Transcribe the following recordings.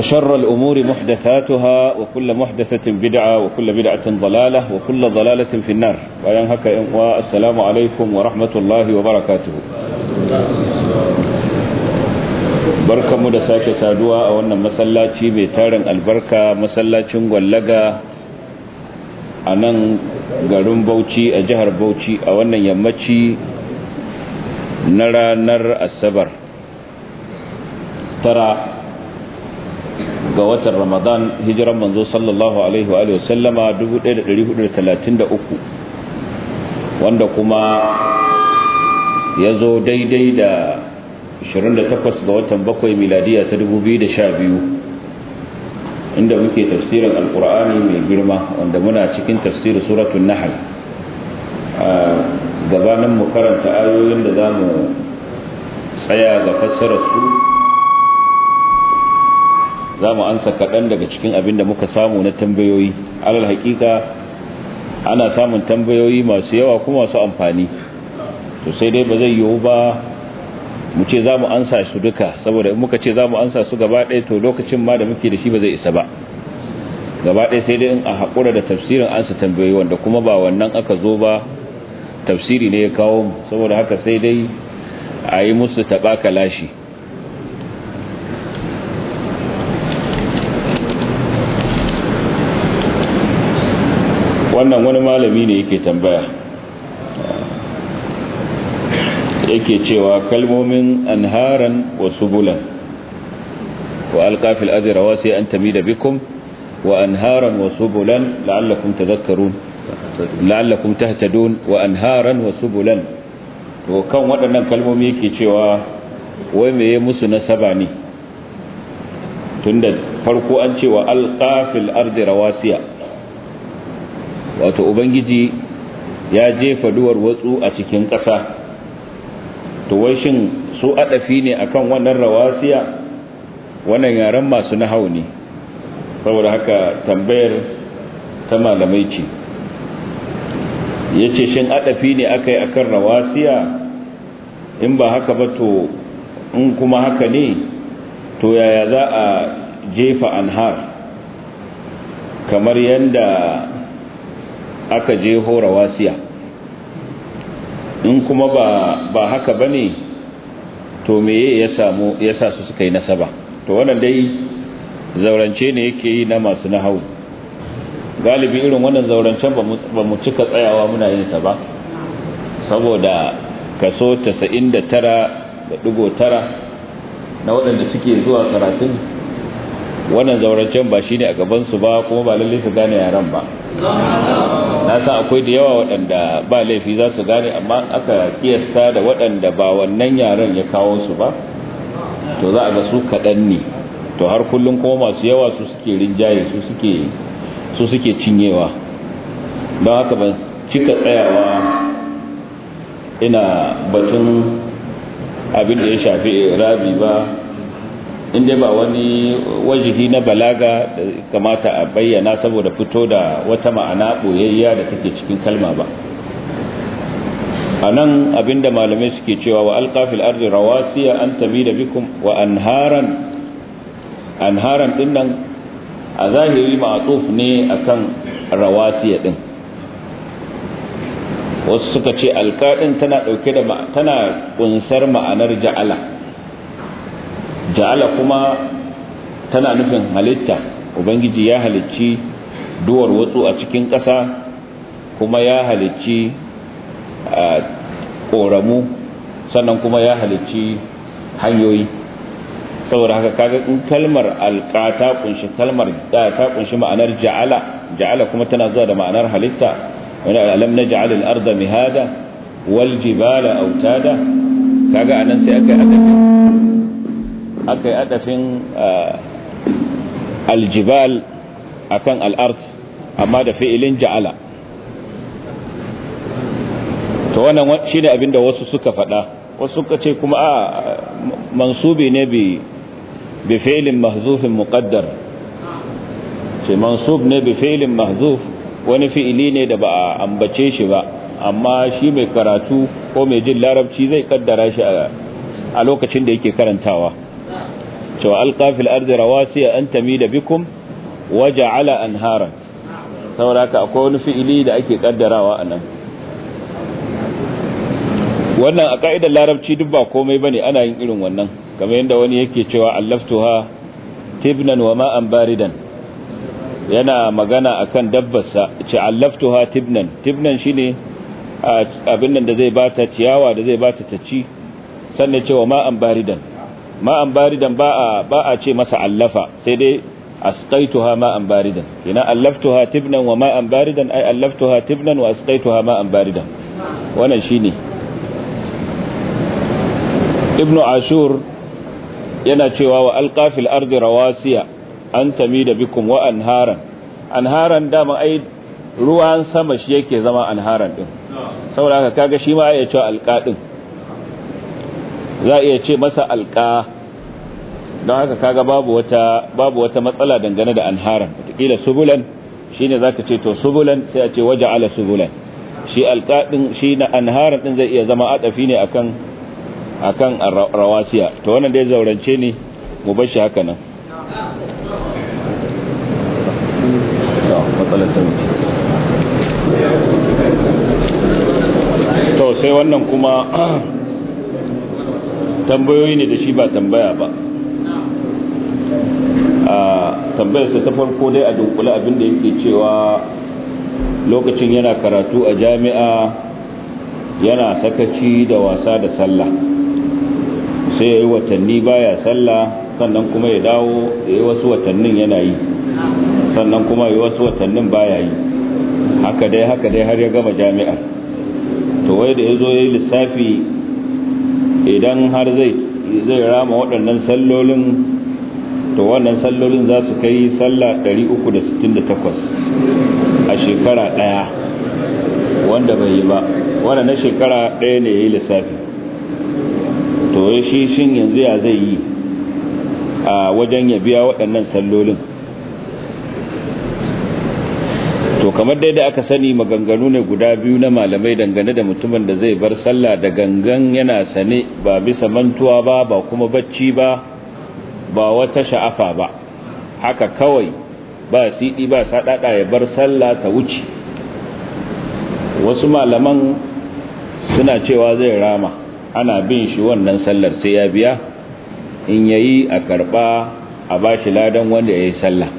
وشر الأمور محدثاتها وكل محدثة بدعة وكل بدعة ضلالة وكل ضلالة في النار وينهك والسلام عليكم ورحمة الله وبركاته بركة مدساك سادوا أولنا مسلاتي بيتارن البركة مسلاتي ولغا أنا garin bauchi a jihar bauchi a wannan yammaci na ranar asabar tara ga watan ramadan hijiran manzo sallallahu alaihi wa sallama 1433 wanda kuma ya zo daidai da 28 ga watan bakwai miladiya ta 2012 inda muke tafsirin alkur'ani mai girma wanda muna cikin tafsirin suratun nahal a gabanin mu karanta ayoyin da za mu tsaya ga fassararsu. su za mu ansa kaɗan daga cikin abin da muka samu na tambayoyi alal haƙiƙa ana samun tambayoyi masu yawa kuma masu amfani to sai dai ba zai yiwu ba mu ce za mu ansa su duka saboda muka ce za mu ansa su gaba ɗaya to lokacin ma da muke da shi ba zai isa ba gaba ɗaya sai dai in a haƙura da tafsirin ansa tambayoyi wanda kuma ba wannan aka zo ba tafsiri ne ya kawo mu saboda haka sai dai a yi musu taɓa kalashi albani ne yake tambaya yake cewa kalmomin anharan wa subulan wa alqafil azra wa sai an tamida bikum wa anharan wa subulan la'allakum tadhakkarun la'allakum tahtadun wa anharan wa subulan to kan waɗannan kalmomi yake cewa wai meye musu nasaba ne tunda farko an ce cewa alqafil ardi rawasiya wato ubangiji ya je faduwar watsu a cikin ƙasa to wai shin su adafi ne akan wannan rawasiya wannan yaren masu nahau ne saboda haka tambayar ta malamai ce yace shin adafi ne akai akan rawasiya in ba haka ba to in kuma haka ne to yaya za a jefa anhar kamar yanda aka je hora wasiya in kuma ba haka bane to me ya samu ya sa su suka yi nasaba to wannan dai zaurance ne yake yi na masu nahau. galibi irin wannan zaurancen ba mu cika tsayawa muna yin ta ba saboda kaso 99.9 na waɗanda suke zuwa karatun wannan zaurancen ba shi ne a gaban su ba kuma ba lalle su gane yaran ba na sa akwai da yawa waɗanda ba laifi za su gane amma aka kiyasta da waɗanda ba wannan yaran ya kawo su ba to za a ga su kaɗan ne to har kullum kuma masu yawa su suke rinjaye su su suke cinyewa don haka ban cika tsayawa ina batun abin da ya shafi rabi ba in dai ba wani wajihi na balaga da kamata a bayyana saboda fito da wata ma'ana boyayya da take cikin kalma ba a nan abinda malamai suke cewa wa alkafil arzi rawasiya an tabi da bikum wa anharan anharan din nan a zahiri ma'atuf ne akan rawasiya din wasu suka ce alkaɗin tana ɗauke da tana ƙunsar ma'anar ja'ala ja'ala kuma tana nufin halitta ubangiji ya halicci duwar wutsu a cikin ƙasa kuma ya halicci ƙoramu sannan kuma ya halicci hanyoyi saboda haka kaga in kalmar alƙa ta kunshi kalmar da ta kunshi ma'anar ja'ala ja'ala kuma tana zuwa da ma'anar halitta wani alam na ja'ala al mihada wal jibala autada kaga anan sai aka aka aka yi adafin eh, aljibal akan al'arz amma da fi'ilin ja'ala to wannan shi ne da wasu suka faɗa wasu suka ce kuma a mansubi ne bi fi'ilin mahzufin muƙaddar ce mansub ne bi fi'ilin mahzuf wani fi'ili ne da ba a ambace shi ba amma shi mai karatu ko mai jin larabci zai kaddara shi a lokacin da yake karantawa cewa alqa fil ardi rawasiya an da bikum waja'ala anhara saboda haka akwai wani fi'ili da ake kaddarawa anan wannan a ƙa'idar larabci duk ba komai ba ne ana yin irin wannan kamar yadda wani yake cewa allaftuha tibnan wa ma'an baridan yana magana akan dabbarsa ce allaftuha tibnan tibnan shine abin nan da zai bata ciyawa da zai bata ta ci sannan cewa ma'an baridan ma'an baridan ba a ce masa allafa sai dai asqaituha ma'an baridan kina allaftuha tibnan wa ma'an baridan ay allaftuha tibnan wa asqaituha ma'an baridan wannan shine ibnu ashur yana cewa wa alqafil ardi rawasiya an tamida bikum wa anharan anharan dama ai ruwan sama shi yake zama anharan din saboda haka kaga shi ma ya ce alqadin za a iya ce masa alƙa don haka kaga babu wata babu wata matsala dangane da anharan watakila subulan shine zaka ce to subulan sai a ce waje ala subulan shi alƙa din shi na anharan din zai iya zama adafi ne akan akan rawasiya to wannan dai zaurance ne mu bar shi haka nan sai wannan kuma tambayoyi ne da shi ba tambaya ba a tambayarsa ta farko dai a abin abinda yake cewa lokacin yana karatu a jami'a yana sakaci da wasa da sallah sai ya yi watanni baya sallah sannan kuma ya dawo ya yi wasu watannin yana yi sannan kuma ya wasu watannin baya yi haka dai haka dai har ya gama jami'a to wai da ya zo ya yi lissafi idan har zai zai rama waɗannan sallolin to wannan sallolin za su kai sallah 368 a shekara ɗaya wanda bai yi ba wanda na shekara ɗaya ne ya yi lissafi to shi shin yanzu ya zai yi a wajen ya biya waɗannan sallolin kamar dai da aka sani maganganu ne guda biyu na malamai dangane da mutumin da zai bar sallah da gangan yana sane ba bisa mantuwa ba ba kuma bacci ba ba wata sha'afa ba haka kawai ba siɗi ba saɗaɗa ya bar sallah ta wuce wasu malaman suna cewa zai rama ana bin shi wannan sallar sai ya biya in yayi a karɓa a bashi ladan wanda ya yi sallah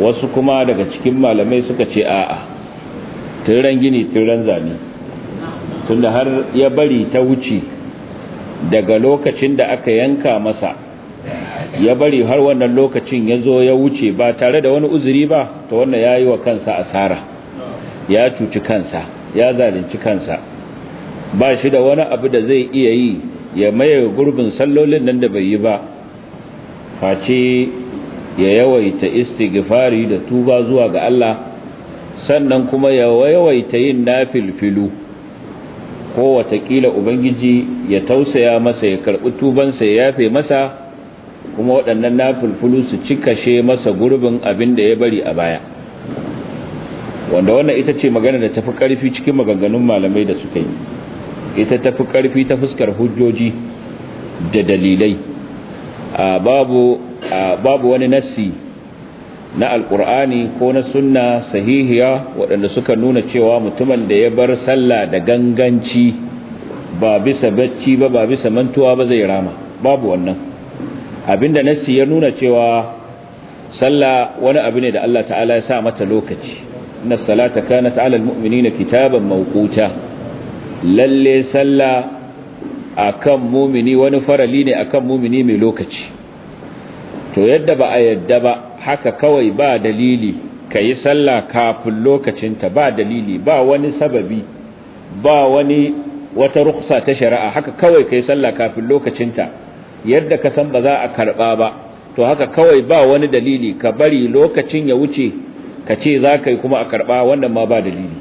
wasu kuma daga cikin malamai suka ce a'a turan gini turan zane tunda har ya bari ta wuce daga lokacin da aka yanka masa ya bari har wannan lokacin ya zo ya wuce ba tare da wani uzuri ba ta wannan ya yi wa kansa asara ya cuci kansa ya zalunci kansa ba shi da wani abu da zai iya yi ya maye gurbin sallolin nan da bai yi ba face ya yawaita istighfari da tuba zuwa ga Allah sannan kuma ya yawaita yin nafilfilu ko watakila ubangiji ya tausaya masa ya karbi tubansa ya yafe masa kuma waɗannan nafilfilu su cikashe masa gurbin abin da ya bari a baya wanda wannan ita ce magana da tafi ƙarfi cikin maganganun malamai da suka yi ita tafi ƙarfi ta fuskar hujjoji da dalilai a babu babu wani nassi na alkur'ani ko na sunna sahihiya waɗanda suka nuna cewa mutumin da ya bar sallah da ganganci ba bisa bacci ba ba bisa mantuwa ba zai rama babu wannan abinda nassi ya nuna cewa sallah wani abu ne da Allah ta'ala ya sa mata lokaci inna salata kanat 'ala almu'minina kitaban mawquta lalle sallah akan mumini wani farali ne akan mumini mai lokaci to yadda ba a yadda ba haka kawai ba dalili ka yi sallah kafin lokacinta ba dalili ba wani sababi ba wani wata ruksa ta shari'a haka kawai ka yi sallah kafin lokacinta yadda ka san ba za a karɓa ba to haka kawai ba wani dalili ka bari lokacin ya wuce ka ce za ka yi kuma a karɓa wannan ma ba dalili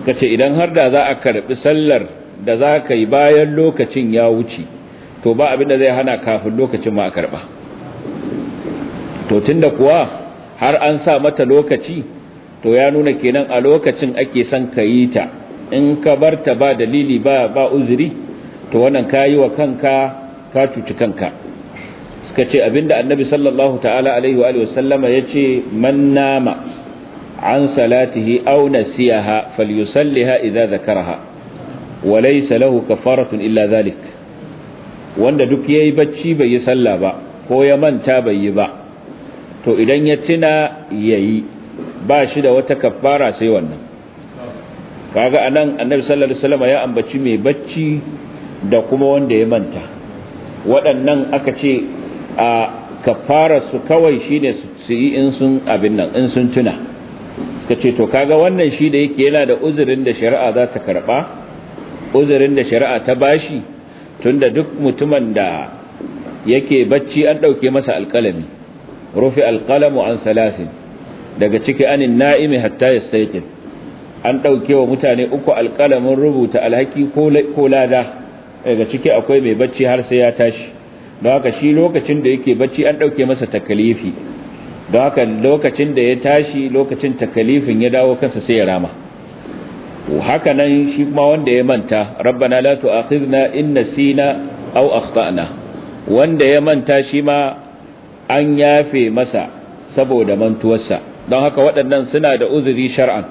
Ka ce idan har da za a karɓi sallar da za ka yi bayan lokacin ya wuce to ba abin da zai hana kafin lokacin ma a karɓa to tunda kuwa har an sa mata lokaci to ya nuna kenan a lokacin ake son ka yi ta in ka bar ta ba dalili ba ba uzuri to wannan ka yi wa kanka ka cuci kanka suka ce abinda annabi sallallahu ta'ala alaihi wa sallama ya ce man nama an salatihi aw nasiyaha falyusalliha idza zakaraha wa laysa lahu kafaratun illa zalik wanda duk yayi bacci bai yi sallah ba ko ya manta bai yi ba to idan ya tuna yayi ba shi da wata kafara sai wannan kaga anan annabi sallallahu alaihi wasallam ya ambaci mai bacci da kuma wanda ya manta waɗannan aka ce a kafara su kawai shine su yi in sun abin nan in sun tuna suka ce to kaga wannan shi da yake yana da uzurin da shari'a za ta karba uzurin da shari'a ta bashi tunda duk mutumin da yake bacci an dauke masa alƙalami rufi alƙalamu an salasin daga ciki anin na'imi hatta yastayqin an ɗauke wa mutane uku alqalamin rubuta alhaki ko lada daga ciki akwai mai bacci har sai ya tashi don haka shi lokacin da yake bacci an ɗauke masa takalifi don haka lokacin da ya tashi lokacin takalifin ya dawo kansa sai ya rama haka nan shi kuma wanda ya manta rabbana la tu'akhidna in nasina aw akhtana wanda ya manta shi ma an yafe masa saboda mantuwarsa don haka waɗannan suna da uzuri shar'an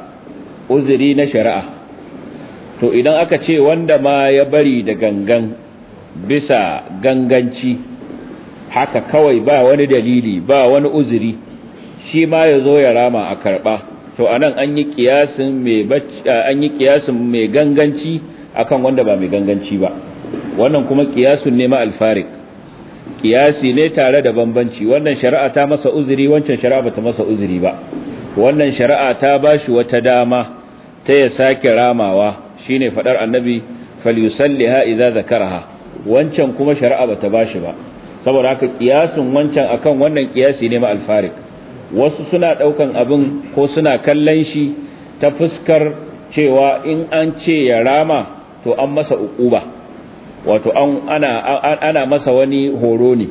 uzuri na shari'a to idan aka ce wanda ma ya bari da gangan bisa ganganci haka kawai ba wani dalili ba wani uzuri shi ma ya zo ya rama a karɓa to anan an yi kiyasin mai ganganci akan wanda ba mai ganganci ba wannan kuma kiyasun ne ma alfarik kiyasi ne tare da bambanci wannan shari'a ta masa uzuri wancan shari'a bata masa uzuri ba wannan shari'a ta bashi wata dama ta ya sake ramawa shine fadar annabi falyusalliha idza zakaraha wancan kuma shari'a bata bashi ba saboda haka kiyasin wancan akan wannan kiyasi ne ma alfarik wasu suna daukan abin ko suna kallon shi ta fuskar cewa in an ce ya rama to an masa uquba wato ana masa wani horo ne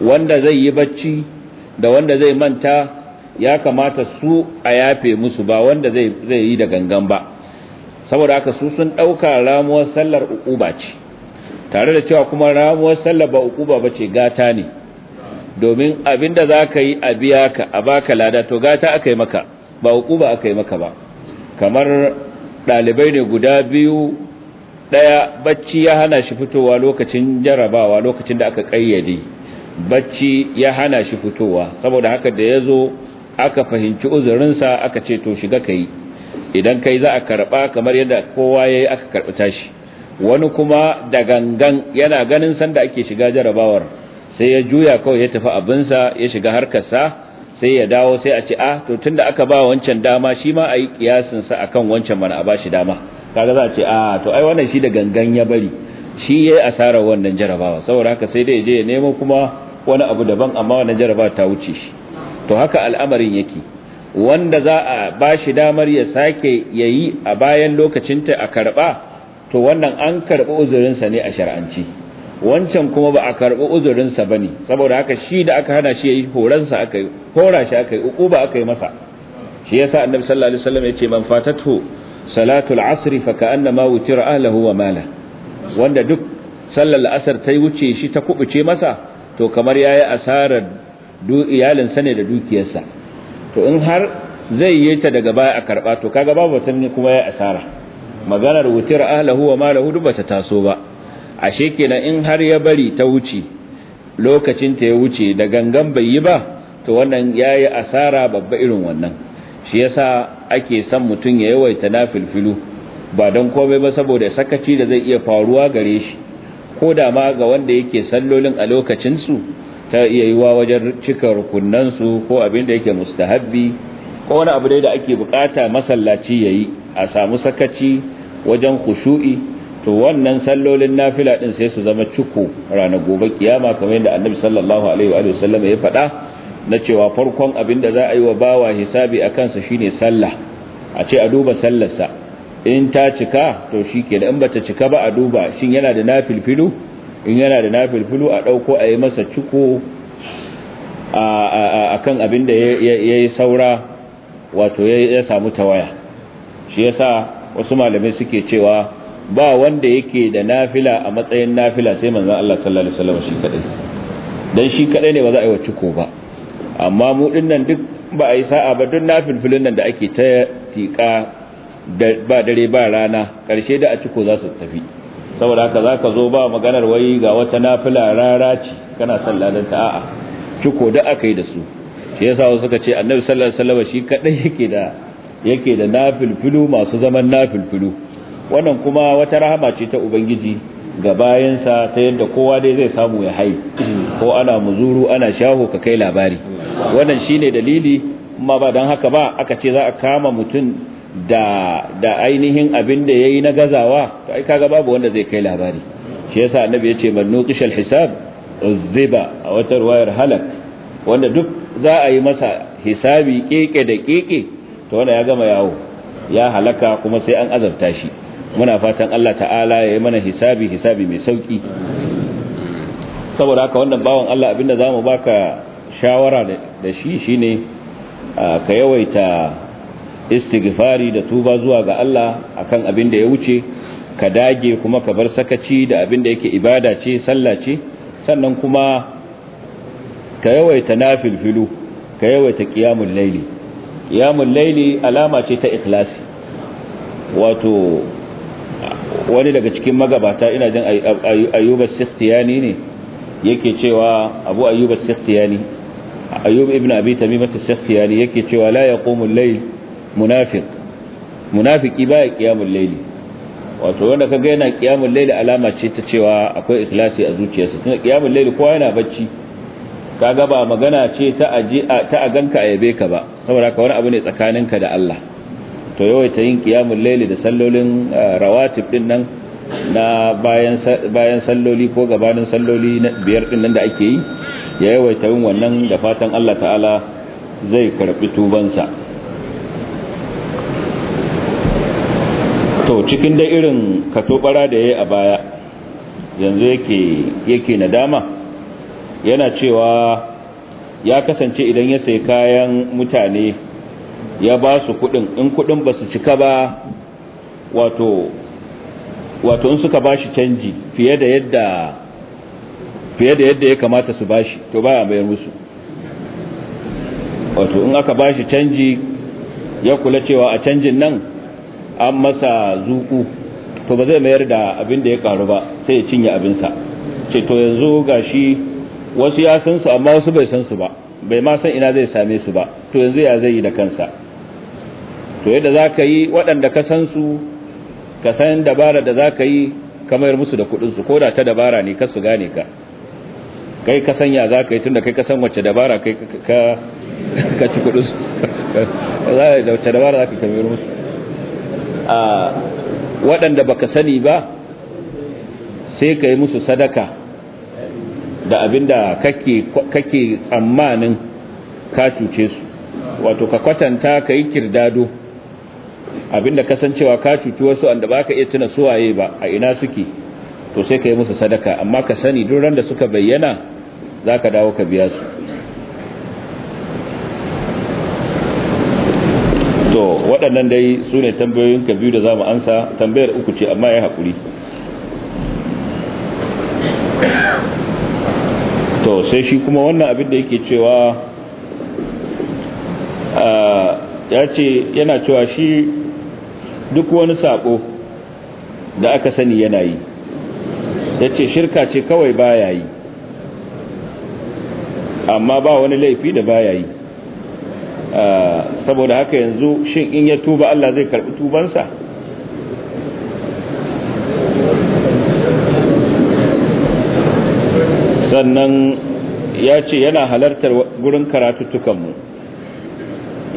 wanda zai yi bacci da wanda zai manta ya kamata su a yafe musu ba wanda zai yi da gangan ba saboda haka su sun ɗauka ramuwar sallar ukuba ce tare da cewa kuma ramuwar sallar ba ukuba ba ce gata ne domin abinda za ka yi a biya ka a baka lada to gata aka yi maka ba ukuba aka yi maka ba kamar ɗalibai ne guda biyu ɗaya bacci ya hana shi fitowa lokacin jarabawa lokacin da aka kayyade bacci ya hana shi fitowa saboda haka da ya zo aka fahimci uzurinsa aka ce to shiga ka idan kai za a karɓa kamar yadda kowa yayi yi aka karɓi tashi wani kuma da gangan yana ganin sanda ake shiga jarabawar sai ya juya kawai ya tafi abinsa ya shiga harkarsa sai ya dawo sai a ce ah to tunda aka ba wancan dama shi ma ayi yi kiyasinsa akan wancan mana a ba shi dama kaga za a ce a ah, to ai wannan shi da gangan ya bari shi yayi asara wannan jarabawa saboda haka sai dai je ya nemo kuma wani abu daban amma wannan jarabawa ta wuce shi to haka al'amarin yake wanda za a bashi damar ya sake yayi a bayan lokacin ta a karba to wannan an karbi uzurin sa ne a shar'anci wancan kuma ba a karbi uzurin sa bane saboda haka shi da aka hana shi yayi sa aka yi hora shi aka yi uku ba aka yi masa shi yasa annabi sallallahu alaihi wasallam yace man fatatu salatul asri fa ka'annama wutira ahlihi wa mala wanda duk sallar asar ta wuce shi ta kubuce masa to kamar yayi asarar du iyalinsa ne da dukiyarsa to in har zai yi ta daga baya a karba to kaga babu watan ne kuma yayi asara maganar wutira ahlihi wa mala duk bata taso ba ashe kenan in har ya bari ta wuce lokacin ta ya wuce da gangan bai yi ba to wannan yayi asara babba irin wannan shi yasa ake san mutum ya yawaita nafilfilu ba don komai ba saboda sakaci da zai iya faruwa gare shi ko da ma ga wanda yake sallolin a lokacinsu ta iya yiwa wajen cika rukunnan ko abin da yake mustahabbi ko wani abu dai da ake bukata masallaci yayi a samu sakaci wajen khushu'i to wannan sallolin nafila din sai su zama cuku rana gobe kiyama kamar yadda annabi sallallahu alaihi wa sallam ya faɗa na cewa farkon abin da za a yi wa bawa hisabi a kansa shine sallah a ce a duba sallarsa in ta cika to shi ke in ba ta cika ba a duba shin yana da nafilfilu in yana da nafilfilu a ɗauko a yi masa ciko a kan abin da ya yi saura wato ya samu tawaya shi yasa wasu malamai suke cewa ba wanda yake da nafila a matsayin nafila sai manzan Allah sallallahu Alaihi wasallam shi kadai don shi kadai ne ba za a yi wa ciko ba amma mu dinnan duk ba a yi sa'a ba duk nafilfilin nan da ake ta tika ba dare ba rana karshe da a ciko za su tafi saboda haka za ka zo ba maganar wai ga wata nafila rara ce kana salladan ta a'a ciko da aka yi da su shi yasa wasu suka ce annabi sallallahu alaihi wasallam shi kadai yake da yake da nafilfilu masu zaman nafilfilu wannan kuma wata rahama ce ta ubangiji ga bayansa ta yadda kowa dai zai samu ya hai ko ana muzuru ana shaho ka kai labari wannan shine dalili amma ba dan haka ba aka ce za a kama mutum da da ainihin abin da yayi na gazawa to ai kaga babu wanda zai kai labari shi yasa annabi yace man nuqisha hisab uzziba a wata ruwayar halak wanda duk za a yi masa hisabi keke da keke to wanda ya gama yawo ya halaka kuma sai an azabta shi muna fatan Allah ta'ala ya yi mana hisabi hisabi mai sauki saboda haka wannan bawan Allah abinda zamu baka shawara da shi shi ne ka yawaita istighfari da tuba zuwa ga Allah akan abin da ya wuce ka dage kuma ka bar sakaci da abin da yake ibada ce sallah ce sannan kuma ka yawaita nafilfilu ka yawaita qiyamul laili qiyamul laili alama ce ta ikhlasi wato wani daga cikin magabata ina jin ayyuba sikhtiyani ne yake cewa abu ayyuba sikhtiyani ayyub ibn abi tamimah as yake cewa la yaqumu al-layl munafiq munafiki baya qiyamul layli wato wanda kaga yana qiyamul layli alama ce ta cewa akwai ikhlasi a zuciyarsa tunda qiyamul layli kowa yana bacci kaga ba magana ce ta aje ta aganka ayabe ka ba saboda ka wani abu ne tsakaninka da Allah to ta yin qiyamul layli da sallolin eh, rawatib din nan na bayan bayan salloli ko gabanin salloli na biyar din nan da ake yi ya yawaita yin wannan da fatan Allah ta'ala zai karɓi tubansa to cikin da irin katobara da ya yi a baya yanzu yake nadama yana cewa ya kasance idan ya sai kayan mutane ya ba su kudin in kudin ba su cika ba wato wato in suka ba shi canji fiye da yadda fiye da yadda ya kamata su bashi to baya bayar musu wato in aka bashi canji ya kula cewa a canjin nan an masa zuku to ba zai mayar da abin da ya karu ba sai ya cinye abinsa ce to yanzu ga shi wasu ya san su amma wasu bai san su ba bai ma san ina zai same su ba to yanzu ya zai yi da kansa to yadda za ka yi waɗanda ka san su ka san dabara da za ka yi kamar musu da kuɗinsu ko da ta dabara ne ka su gane ka kai ka sanya za ka yi tun da kai ka san wacce dabara kai ka ci kudus za a yi da wacce dabara za ka kamar musu a waɗanda ba ka sani ba sai ka yi musu sadaka da abin da kake tsammanin ka cuce su wato ka kwatanta ka yi kirdado abinda kasancewa ka cuci wasu wanda ba ka iya tuna suwaye ba a ina suke to sai ka yi musu sadaka amma ka sani duran ran da suka bayyana za ka dawo ka biya su to waɗannan dai su ne tambayoyin ka biyu da za mu ansa tambayar uku ce amma ya haƙuri to sai shi kuma wannan abin da yake cewa ya ce yana cewa shi duk wani saƙo da aka sani yana yi ya ce shirka ce kawai baya yi amma ba wani laifi da baya yi ah, saboda haka yanzu shin in ya tuba Allah zai karbi tubansa sannan ya ce yana halartar gurin karatuttukanmu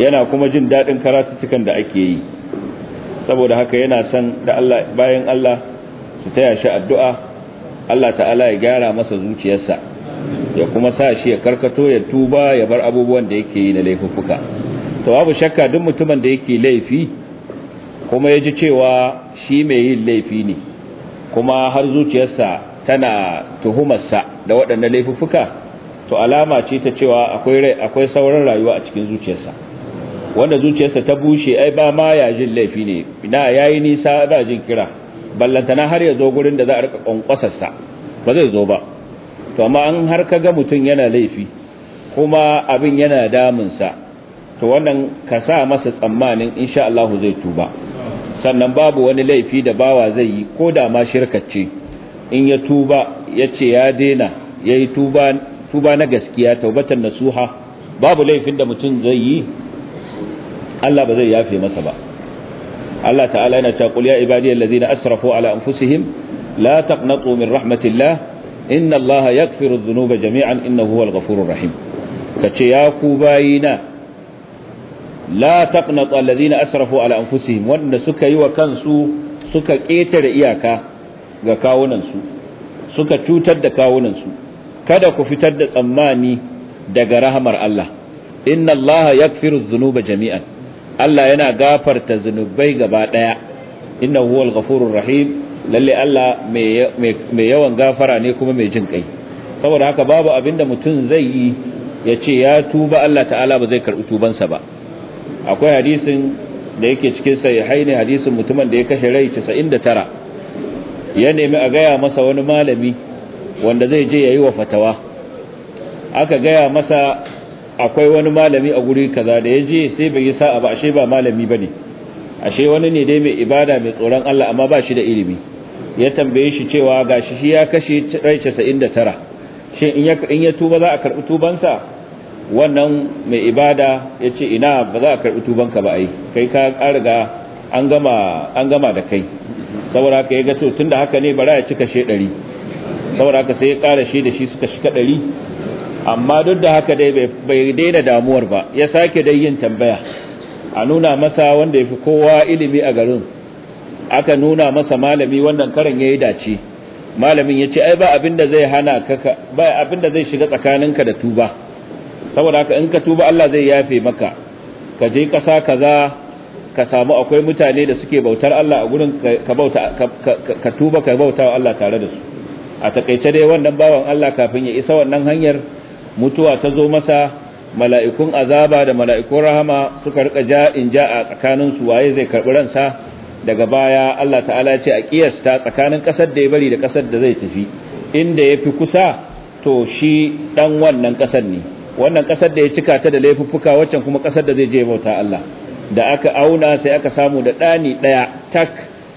yana kuma jin daɗin karatuttukan da ake yi saboda haka yana san da Allah bayan Allah su taya shi addu'a Allah ta'ala ya gyara masa zuciyarsa ya kuma sa shi ya karkato ya tuba ya bar abubuwan da yake yi na laifuffuka to babu shakka duk mutumin da yake laifi kuma ya ji cewa shi mai yin laifi ne kuma har zuciyarsa tana tuhumarsa da waɗannan laifuffuka to alama ce ta cewa akwai akwai sauran rayuwa a cikin zuciyarsa wanda zuciyarsa ta bushe ai ba ma ya jin laifi ne na yayi nisa ba jin kira ballantana har ya zo gurin da za a rika kwankwasarsa ba zai zo ba to amma an har kaga mutum yana laifi kuma abin yana damunsa to wannan ka sa masa tsammanin insha Allah zai tuba sannan babu wani laifi da bawa zai yi ko da ma shirkacce. in ya tuba ya ce ya daina ya yi tuba na gaskiya taubatan nasuha babu laifin da mutum zai yi Allah ba zai yafe masa ba Allah ta'ala yana cewa qul ya ibadiyal ladina asrafu ala anfusihim la taqnatu min rahmatillah inna allaha yaghfiru dhunuba jami'an innahu huwal ghafurur rahim kace ya ku bayina la taqnatu alladhina asrafu ala anfusihim wanda suka yi wa kansu suka ketare iyaka ga su suka cutar da kawunansu kada ku fitar da tsammani daga rahmar Allah inna allaha yaghfiru jami'an Allah yana gafarta zunubai gaba daya innahu huwal ghafurur rahim lalle Allah mai yawan gafara ne kuma mai jin kai saboda haka babu abin da mutum zai yi ya ce ya tuba Allah ta'ala ba zai karɓi tubansa ba akwai hadisin da yake cikin sai haini hadisin mutumin da ya kashe rai 99 ya nemi a gaya masa wani malami wanda zai je yayi wa fatawa aka gaya masa akwai wani malami a guri kaza da ya je sai bai yi sa'a ba ashe ba malami bane ashe wani ne dai mai ibada mai tsoron Allah amma ba shi da ilimi ya tambaye shi cewa gashi shi ya kashe rai 99 shi in ya tuba za a karbi tubansa wannan mai ibada ya ce ina ba za a karbi tubanka ba ai kai ka ƙarga an gama an gama da kai saboda haka ya ga to tunda haka ne bara ya cika kashe 100 saboda haka sai ya ƙara shi da shi suka shika 100 amma duk da haka dai bai daina damuwar ba ya sake dai yin tambaya a nuna masa wanda ya fi kowa ilimi a garin aka nuna masa malami wannan karan yayi dace malamin ya ce, ai ba abin da zai hana ka ba abin da zai shiga tsakaninka da tuba saboda haka in ka tuba Allah zai yafe maka ka je kasa kaza ka samu akwai mutane da suke bautar Allah a gurin ka bauta ka tuba ka bauta Allah tare da su a takeice dai wannan bawan Allah kafin ya isa wannan hanyar mutuwa ta zo masa mala'ikun azaba da mala'ikun rahama suka rika ja in ja a tsakaninsu waye zai karbi ransa daga baya Allah ta'ala ya ce a kiyasta tsakanin kasar da ya bari da kasar da zai tafi inda ya fi kusa to shi dan wannan kasar ne wannan kasar da ya cika ta da laifuffuka waccan kuma kasar da zai je bauta Allah da aka auna sai aka samu da ɗani ɗaya tak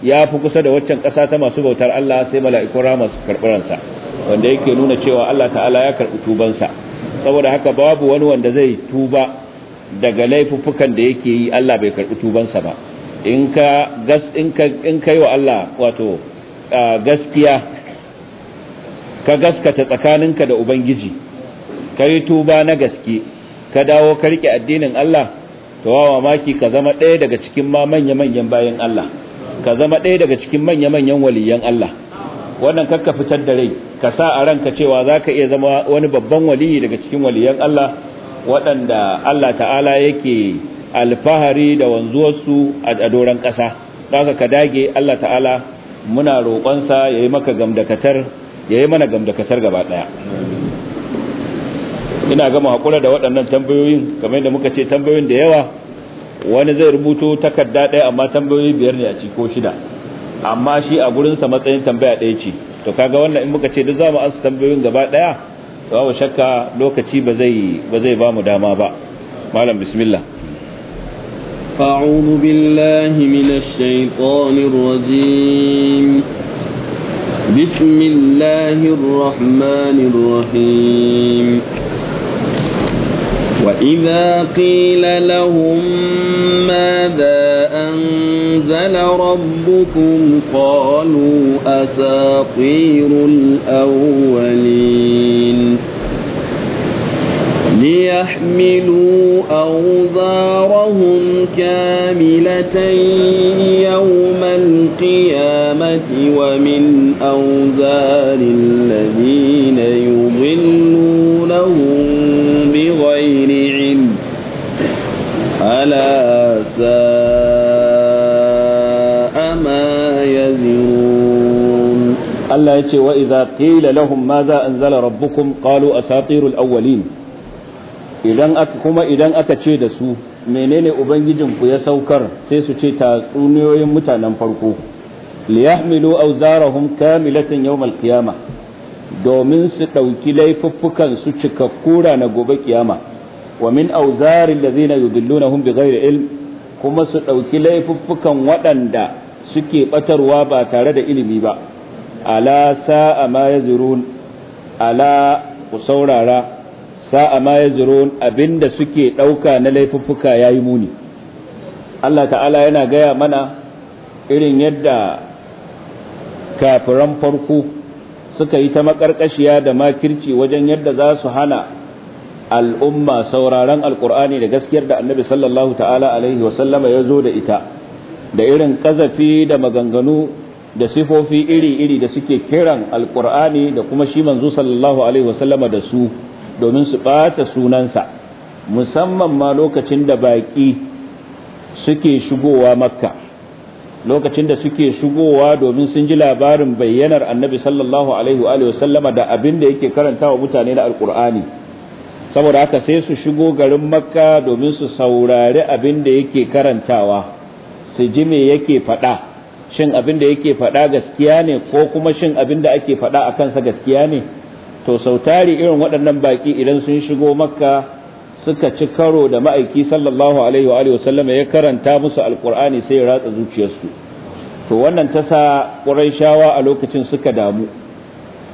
ya fi kusa da waccan kasa ta masu bautar Allah sai mala'ikun rama su karɓi wanda yake nuna cewa Allah ta'ala ya karɓi tubansa saboda haka babu wani wanda zai tuba daga laifuffukan da yake yi Allah bai karɓi tubansa ba in ka gas in kai wa Allah wato gaskiya ka gaskata tsakaninka da ubangiji ka yi tuba na gaske ka dawo ka rike addinin Allah to wawa maki ka zama ɗaya daga cikin ma manya manyan bayan Allah ka zama ɗaya daga cikin manya manyan waliyan Allah wannan kakka fitar da rai ka sa a ranka cewa zaka iya zama wani babban waliyi daga cikin waliyan Allah waɗanda Allah ta'ala yake alfahari da wanzuwarsu a doron ƙasa za ka dage Allah ta'ala muna roƙonsa ya yi maka gamdakatar ya yi mana gamdakatar gaba ɗaya ina gama haƙura da waɗannan tambayoyin kamar da muka ce tambayoyin da yawa wani zai rubuto takarda ɗaya amma tambayoyi biyar ne a ci ko shida amma shi a gurinsa matsayin tambaya ɗaya ce to kaga wannan in muka ce duk za mu ansa tambayoyin gaba ɗaya babu shakka lokaci ba zai ba mu dama ba malam bismillah أعوذ بالله من الشيطان الرجيم بسم الله الرحمن الرحيم وإذا قيل لهم ماذا أنزل ربكم قالوا أساطير الأولين ليحملوا أوزارهم كاملة يوم القيامة ومن أوزار الذين يضلونهم بغير علم ألا ساء ما يزرون الله يتي وإذا قيل لهم ماذا أنزل ربكم قالوا أساطير الأولين idan aka kuma idan aka ce da su menene ubangijin ku ya saukar sai su ce tatsuniyoyin mutanen farko liyahmilu auzarahum kamilatan yawmal qiyama domin su ɗauki laifuffukan su kura na gobe kiyama wa min auzarin lazina yudillunahum bighairi ilm kuma su ɗauki laifuffukan waɗanda suke ɓatarwa ba tare da ilimi ba ala sa'a ma yazurun ala ku saurara sa'a ma ya abin da suke ɗauka na laifuffuka yi muni Allah ta'ala yana gaya mana irin yadda kafiran farko suka yi ta makarkashiya da makirci wajen yadda za su hana al'umma sauraron alƙurani da gaskiyar da annabi sallallahu ta'ala alaihi wasallama ya zo da ita da irin ƙazafi da maganganu da sifofi iri-iri da suke kiran alƙur'ani da kuma shi manzu sallallahu alaihi wasallama da su domin su ɓata sunansa musamman ma lokacin da baƙi suke shigowa makka lokacin da suke shigowa domin sun ji labarin bayyanar annabi sallallahu alaihi wa sallama da abin da yake karanta wa mutane na alkur'ani saboda haka sai su shigo garin makka domin su saurari abin da yake karantawa su ji me yake faɗa shin abin da yake faɗa gaskiya ne ko kuma shin abin da ake faɗa a kansa gaskiya ne to sautari irin waɗannan baƙi idan sun shigo makka suka ci karo da ma'aiki sallallahu alaihi wa sallama ya karanta musu alkur'ani sai ratsa zuciyarsu to wannan ta sa shawa a lokacin suka damu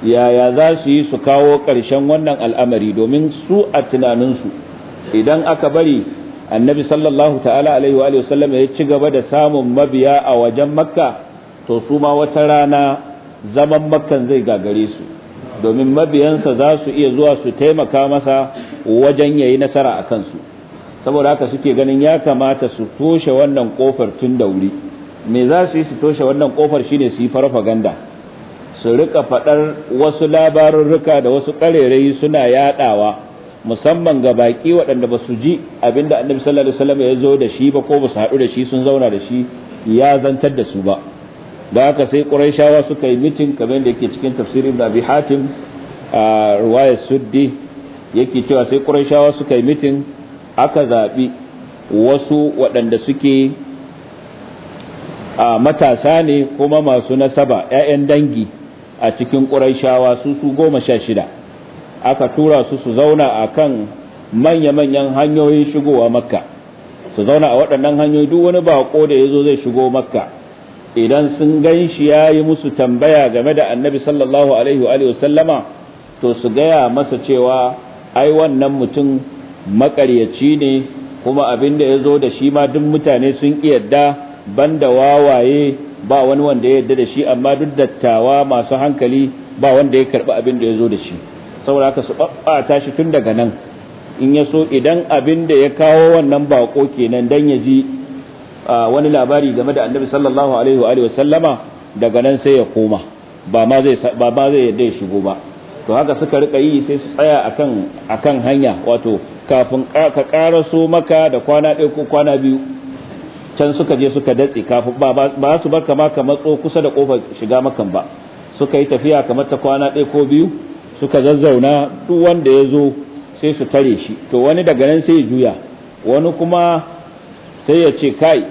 yaya za su yi su kawo ƙarshen wannan al'amari domin su a tunaninsu idan aka bari annabi sallallahu ta'ala alaihi wa sallama ya ci gaba da samun mabiya a wajen makka to su ma wata rana zaman makkan zai gagare su domin mabiyansa za su iya zuwa su taimaka masa wajen yayi nasara a kansu saboda haka suke ganin ya kamata su toshe wannan kofar tun da wuri me za su yi su toshe wannan kofar shine su yi farfaganda su rika faɗar wasu labarurruka da wasu ƙarerai suna yaɗawa musamman ga baƙi waɗanda ba su ji abinda annabi sallallahu alaihi wasallam ya zo da shi ba ko ba su haɗu da shi sun zauna da shi ya zantar da su ba da haka sai qurayshawa suka yi mitin kamar da yake cikin tafsirin da hatim a riwayar suddi yake cewa sai qurayshawa suka yi mitin aka zabi wasu waɗanda suke a matasa ne kuma masu nasaba 'ya'yan dangi a cikin ƙuraishawa su su goma sha shida aka tura su su zauna a kan manya-manyan hanyoyin shigowa makka su zauna a waɗannan hanyoyi duk wani baƙo da ya zo zai shigo makka idan sun gan shi ya yi musu tambaya game da annabi sallallahu alaihi wa sallama to su gaya masa cewa ai wannan mutum makaryaci ne kuma abin da ya zo da shi ma duk mutane sun yadda da wawaye ba wani wanda ya yadda da shi amma duk dattawa masu hankali ba wanda ya karɓi abin da ya zo da shi saboda haka su ɓaɓɓata shi tun daga nan in ya so idan abin da ya kawo wannan baƙo kenan dan ya ji wani labari game da annabi sallallahu alaihi wa sallama daga nan sai ya koma ba ma zai ba zai yadda ya shigo ba to haka suka rika yi sai su tsaya akan akan hanya wato kafin ka karaso maka da kwana ɗaya ko kwana biyu can suka je suka datse kafin ba ba su bar kama ka matso kusa da kofar shiga makan ba suka yi tafiya kamar ta kwana ɗaya ko biyu suka zazzauna duk wanda ya zo sai su tare shi to wani daga nan sai ya juya wani kuma sai ya ce kai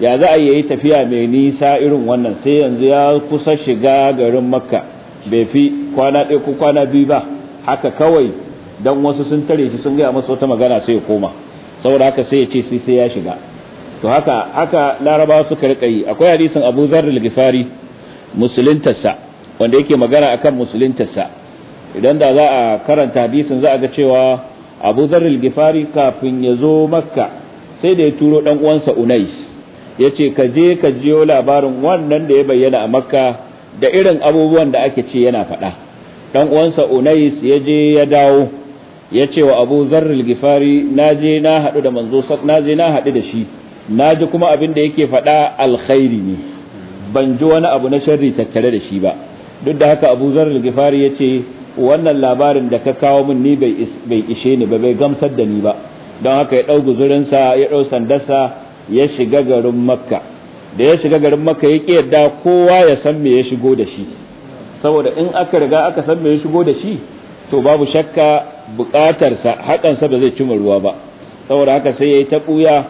ya za a yi tafiya mai nisa irin wannan sai yanzu ya kusa shiga garin makka bai fi kwana ɗaya ko kwana biyu ba haka kawai don wasu sun tare shi sun gaya masa wata magana sai ya koma saboda haka sai ya ce sai sai ya shiga to haka haka laraba suka rika yi akwai hadisin abu zarr al-ghifari musuluntarsa wanda yake magana akan musuluntarsa idan da za a karanta hadisin za a ga cewa abu zarr al kafin ya zo makka sai da ya turo dan uwansa unais ya ce ka je ka jiyo labarin wannan da ya bayyana a makka da irin abubuwan da ake ce yana faɗa dan uwansa unais ya je ya dawo ya ce wa abu zarril gifari na je na haɗu da manzo na je na haɗu da shi na ji kuma abin da yake faɗa alkhairi ne ban ji wani abu na sharri tattare da shi ba duk da haka abu zarril gifari ya ce wannan labarin da ka kawo min ni bai ishe ni ba bai gamsar da ni ba don haka ya ɗau guzurinsa ya ɗau sandarsa ya shiga garin makka da ya shiga garin makka ya yarda kowa ya san me ya shigo da shi saboda in aka riga aka san me ya shigo da shi to babu shakka buƙatarsa haƙansa ba zai cimma ruwa ba saboda haka sai ya yi ta ɓuya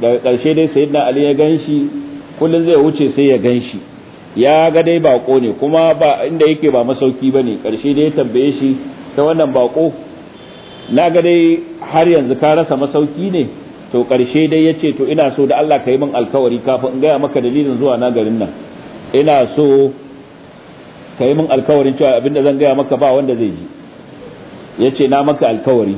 daga ƙarshe dai na ali ya gan shi kullum zai wuce sai ya gan shi ya ga dai baƙo ne kuma ba inda yake ba masauki ba ne ƙarshe dai ya tambaye shi ta wannan baƙo na ga dai har yanzu ka rasa masauki ne to ƙarshe dai ya ce to ina so da Allah ka yi min alkawari kafin in gaya maka dalilin zuwa na garin nan ina so ka yi min alkawarin cewa abinda zan gaya maka ba wanda zai ji ya ce na maka alkawari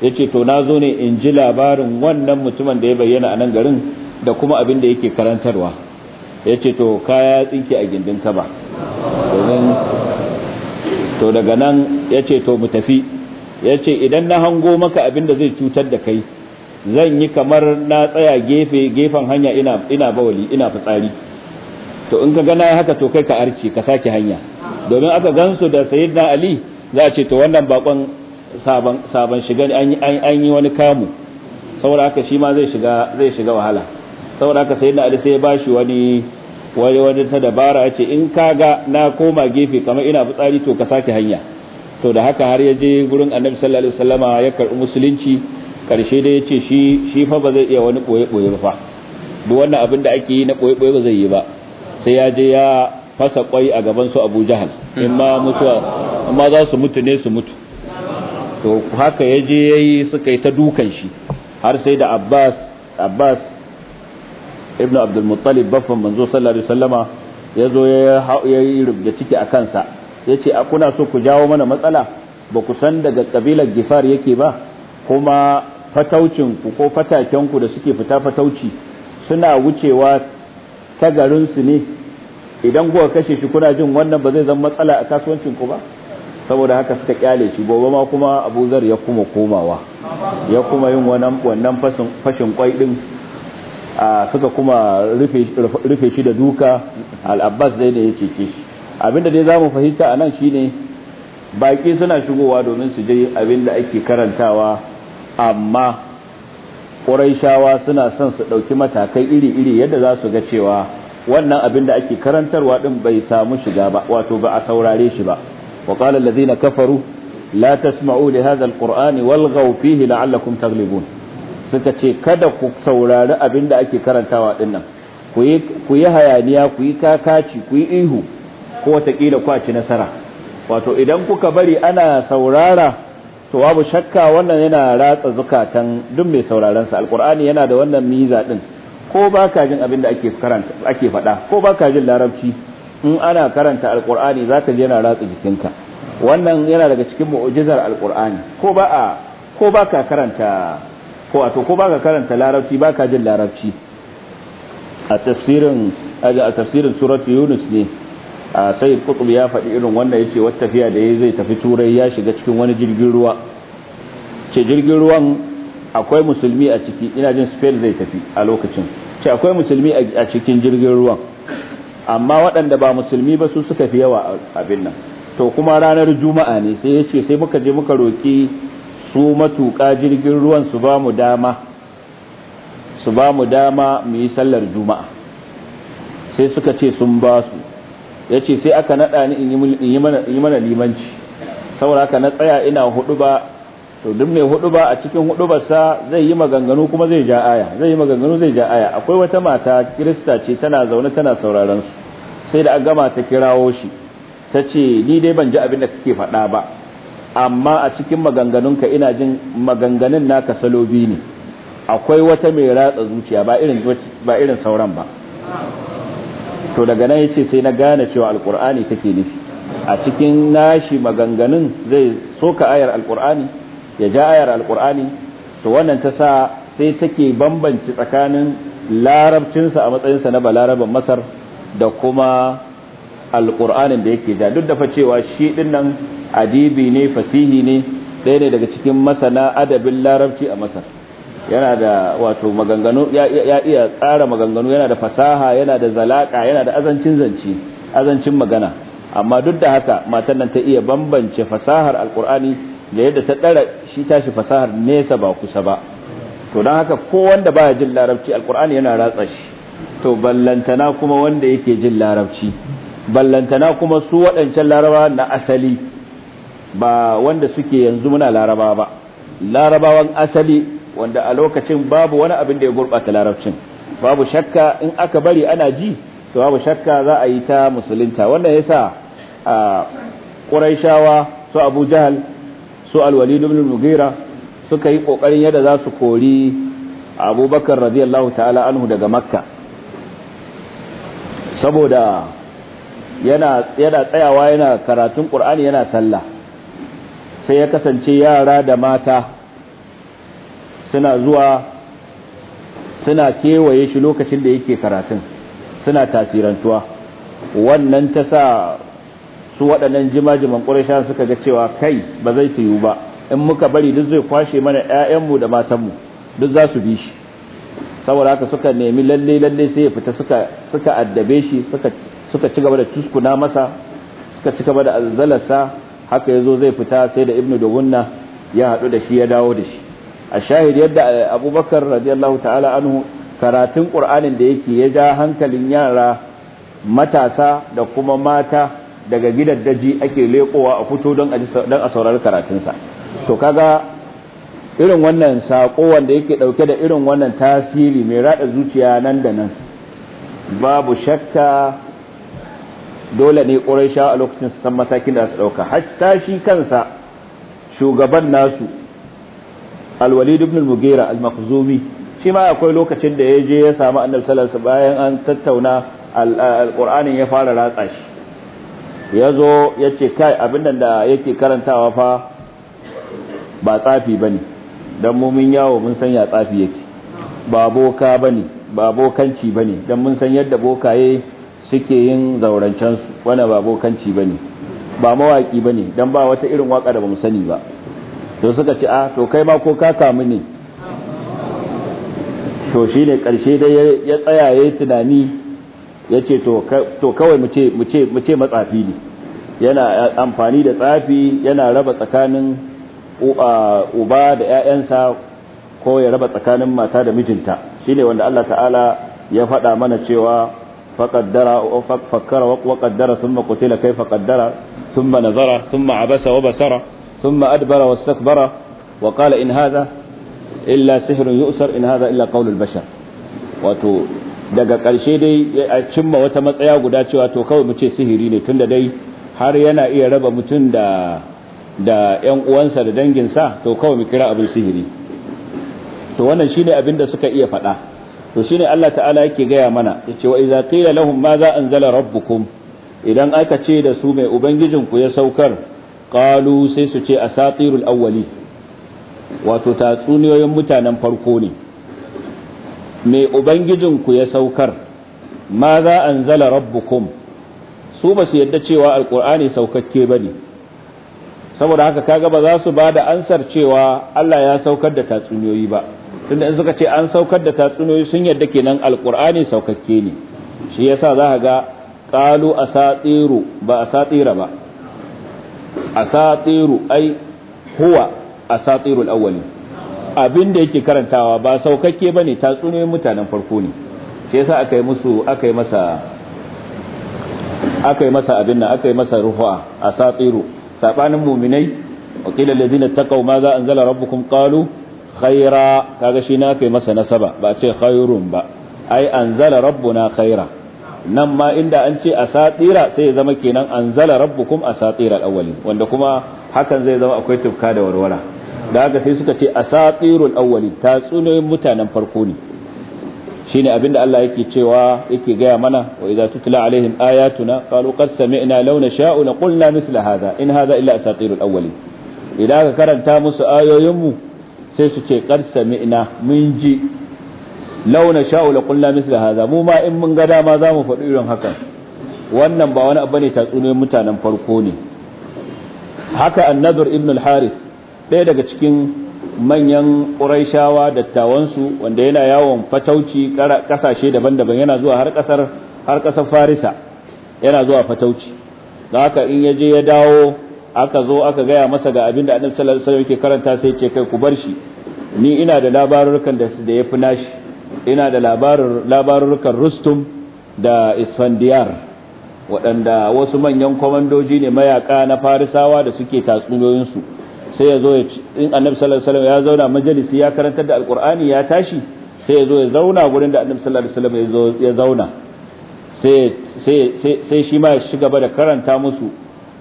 ya ce to na zo ne in ji labarin wannan mutumin da ya bayyana a nan garin da kuma abin da yake karantarwa ya ce to kaya tsinke a gindin ka ba to daga nan ya ce to mu tafi ya ce idan na hango maka abin da zai cutar da kai zan yi kamar na tsaya gefe gefen hanya ina ina bawali ina fitsari to in ka gana haka to kai ka arce ka sake hanya domin aka gansu da sayyidina ali za a ce to wannan bakon sabon sabon shiga an yi wani kamu saboda haka shi ma zai shiga zai shiga wahala saboda haka sayyidina ali sai ya bashi wani wani wani ta dabara ya ce in kaga na koma gefe kamar ina fitsari to ka sake hanya to da haka har ya je gurin annabi sallallahu alaihi wasallama ya karbi musulunci karshe dai yace shi shi fa ba zai iya wani koye koye ba duk wannan abin da ake yi na koye koye ba zai yi ba sai ya je ya fasa kwai a gaban su Abu Jahal in ma mutuwa amma za su mutu ne su mutu to haka ya je yayi suka yi ta dukan shi har sai da Abbas Abbas ibn Abdul Muttalib baffan manzo sallallahu alaihi wasallama ya zo ya yi rubda ciki a kansa ya ce a kuna so ku jawo mana matsala ba ku san daga kabilar gifar yake ba kuma fataucin ku ko fatakenku da suke fita fatauci suna wucewa ta garinsu ne idan kuka kashe shi kuna jin wannan ba zai zama matsala a ku ba saboda haka suka kyale shi gobe ma kuma abu zar ya kuma komawa ya kuma yin wannan fashin kwai din suka kuma rufe shi da duka al'abbas dai da ya cece shi abinda dai za mu fahimta a nan shine baƙi suna shigowa domin su je abinda ake karantawa amma ƙuraishawa suna son su ɗauki matakai iri-iri yadda za su ga cewa wannan abin da ake karantarwa ɗin bai samu shiga ba wato ba a saurare shi ba wa qala na kafaru la da li hadha wal walghaw fihi la'allakum taglibun suka ce kada ku saurari abinda ake karantawa ɗin nan ku yi hayaniya ku yi kakaci ku yi ihu ko watakila kwaci nasara wato idan kuka bari ana saurara to babu shakka wannan yana ratsa zukatan duk mai sauraron sa alqur'ani yana da wannan miza din ko baka jin abin da ake karanta ake faɗa ko baka jin larabci in ana karanta alqur'ani zaka ji yana ratsa jikinka wannan yana daga cikin mu'jizar alqur'ani ko ba a ko baka karanta ko wato ko baka karanta larabci baka jin larabci a tafsirin a tafsirin surat yunus ne a sai kutub ya faɗi irin wanda yake wata tafiya da ya zai tafi turai ya shiga cikin wani jirgin ruwa ce jirgin ruwan akwai musulmi a ciki ina jin spain zai tafi a lokacin ce akwai musulmi a cikin jirgin ruwan amma waɗanda ba musulmi ba su suka fi yawa abin nan to kuma ranar juma'a ne sai ya ce sai muka je muka roƙi su matuƙa jirgin ruwan su ba mu dama su ba mu dama mu yi sallar juma'a sai suka ce sun ba su ya ce sai aka naɗa ni in yi mana limanci saboda ka na tsaya ina hudu ba to duk mai hudu ba a cikin hudu sa zai yi maganganu kuma zai ja aya zai yi maganganu zai ja aya akwai wata mata kirista ce tana zaune tana sauraron su sai da an gama ta kirawo shi ta ce ni dai ban ji abin da kake faɗa ba amma a cikin maganganunka ina jin maganganun naka salobi ne akwai wata mai ratsa zuciya ba irin sauran ba to daga nan yace sai na gane cewa alqur'ani take nufi a cikin nashi maganganun zai soka ayar alqur'ani ya ja ayar alqur'ani to wannan ta sa sai take bambanci tsakanin larabcinsa a matsayin sa na balaraban masar da kuma alqur'anin da yake ja duk da fa cewa shi din nan adibi ne fasihi ne ɗaya ne daga cikin masana adabin larabci a masar yana da wato maganganu ya iya tsara maganganu yana da fasaha yana da zalaka yana da azancin zance azancin magana amma duk da haka matan nan ta iya bambance fasahar alkur'ani da yadda ta tsara shi tashi fasahar nesa ba kusa ba to don haka ko wanda ya jin larabci alkur'ani yana ratsa shi to ballantana kuma wanda yake jin larabci ballantana kuma su waɗancan laraba na asali ba wanda suke yanzu muna laraba ba larabawan asali wanda a lokacin babu wani abin da ya gurɓata larabcin babu shakka in aka bari ana ji to babu shakka za a yi ta musulunta wannan yasa a ƙuraishawa su abu jahal su alwalid ibn mugira suka yi ƙoƙarin yadda za su kori abubakar radiyallahu ta'ala anhu daga makka saboda yana yana tsayawa yana karatun ƙur'ani yana sallah sai ya kasance yara da mata suna zuwa suna kewaye shi lokacin da yake karatun suna tasirantuwa wannan ta sa su waɗannan jima-jiman ƙurashen suka ga cewa kai ba zai su ba in muka bari duk zai kwashe mana 'ya'yanmu da matanmu duk za su bi shi saboda haka suka nemi lalle lalle sai ya fita suka addabe shi suka ci gaba da tuskuna masa suka ci gaba da azzalarsa haka ya zo zai fita sai da ibnu dawunna ya haɗu da shi ya dawo da shi a shahid yadda eh, abubakar radiyallahu ta'ala anhu karatun qur'anin da yake ya ja hankalin yara matasa da kuma mata daga gidan daji ake leƙowa a fito don a saurari karatunsa to kaga irin wannan saƙo wanda yake ɗauke da irin wannan tasiri mai raɗa zuciya nan da nan babu shakka dole ne ƙurai sha a lokacin su san matakin da su ɗauka hatta shi kansa shugaban nasu al ibn al-mughira al-makhzumi shi ma akwai lokacin da ya je ya samu annabi sallallahu alaihi bayan an tattauna al qurani ya fara ratsa shi yazo yace ya ce kai abin da yake karantawa fa ba tsafi bane dan mun yawo mun san ya tsafi yake ba boka bane ba bokanci bane dan mun san yadda bokaye suke yin zaurancen su wanda ba bokanci bane ba mawaki bane dan ba wata irin waka da bamu sani ba to suka ce a ah, to kai ma ko ka kamu ne to shi ne ƙarshe dai ya tsaya ya yi tunani ya ce to kawai mu ce matsafi ne yana eh, amfani da tsafi yana raba tsakanin uba da 'ya'yansa ko ya raba tsakanin mata da mijinta shi ne wanda Allah ta'ala ya faɗa mana cewa faƙaddara fakkara waƙaddara sun makotila kai faƙaddara sun manazara sun ma'abasa wa basara ثم أدبر واستكبر وقال إن هذا إلا سحر يؤسر إن هذا إلا قول البشر وتو daga ƙarshe dai a cimma wata matsaya guda cewa to kawai mu ce sihiri ne tunda dai har yana iya raba mutum da da ƴan uwansa da danginsa to kawai mu kira abin sihiri to wannan shine abin da suka iya faɗa to shine Allah ta'ala yake gaya mana yace wa idza qila lahum ma za anzala rabbukum idan aka ce da su mai ubangijinku ya saukar qalu sai su ce asatirul awwali wato tatsuniyoyin mutanen farko ne me ubangijin ku ya saukar ma za anzala rabbukum su ba su yadda cewa alqur'ani saukakke bane saboda haka kaga ba za su ba da ansar cewa Allah ya saukar da tatsuniyoyi ba tunda in suka ce an saukar da tatsuniyoyi sun yadda kenan alkur'ani saukakke ne shi yasa za ka ga qalu asatiru ba asatira ba asatiru ai huwa asatirul awwali abin da yake karantawa ba saukakke ne tatsuniyoyin mutanen farko ne shi yasa aka yi musu aka yi masa aka yi masa abin nan aka yi masa ruha asatiru sabanin mu'minai wa qila allazina taqaw ma za anzala rabbukum qalu khaira kaga shi na aka yi masa nasaba ba ce khairun ba ai anzala rabbuna khaira nan ma inda an ce asatira sai ya zama kenan anzala rabbukum asatira al-awwalin wanda kuma hakan zai zama akwai tufka da warwara da haka sai suka ce asatirul awwalin tatsuniyoyin mutanen farko ne shine abinda Allah yake cewa yake gaya mana wa idza tutla alaihim ayatuna qalu qad sami'na law nasha'u na qulna mithla hadha in hadha illa asatirul awwalin idan ka karanta musu ayoyin mu sai su ce qad sami'na mun ji launa na sha'u la qulna hadha mu ma in mun ga dama za mu faɗi irin hakan wannan ba wani abu ne tatsuniyar mutanen farko ne haka annadur ibn al-harith ɗaya daga cikin manyan ƙuraishawa dattawansu wanda yana yawon fatauci ƙasashe daban-daban yana zuwa har ƙasar har ƙasar farisa yana zuwa fatauci da haka in ya je ya dawo aka zo aka gaya masa ga abin da annabi sallallahu alaihi wasallam yake karanta sai ce kai ku bar shi ni ina da labarukan da da fi nashi ina da labarurrukan rustum da isfandiyar waɗanda wasu manyan kwamandoji ne mayaka na farisawa da suke tatsuniyoyinsu sai ya zo in annabi sallallahu ya zauna majalisi ya karantar da alkur'ani ya tashi sai ya zo ya zauna gurin da annabi sallallahu ya zauna sai shi ma ya shiga gaba da karanta musu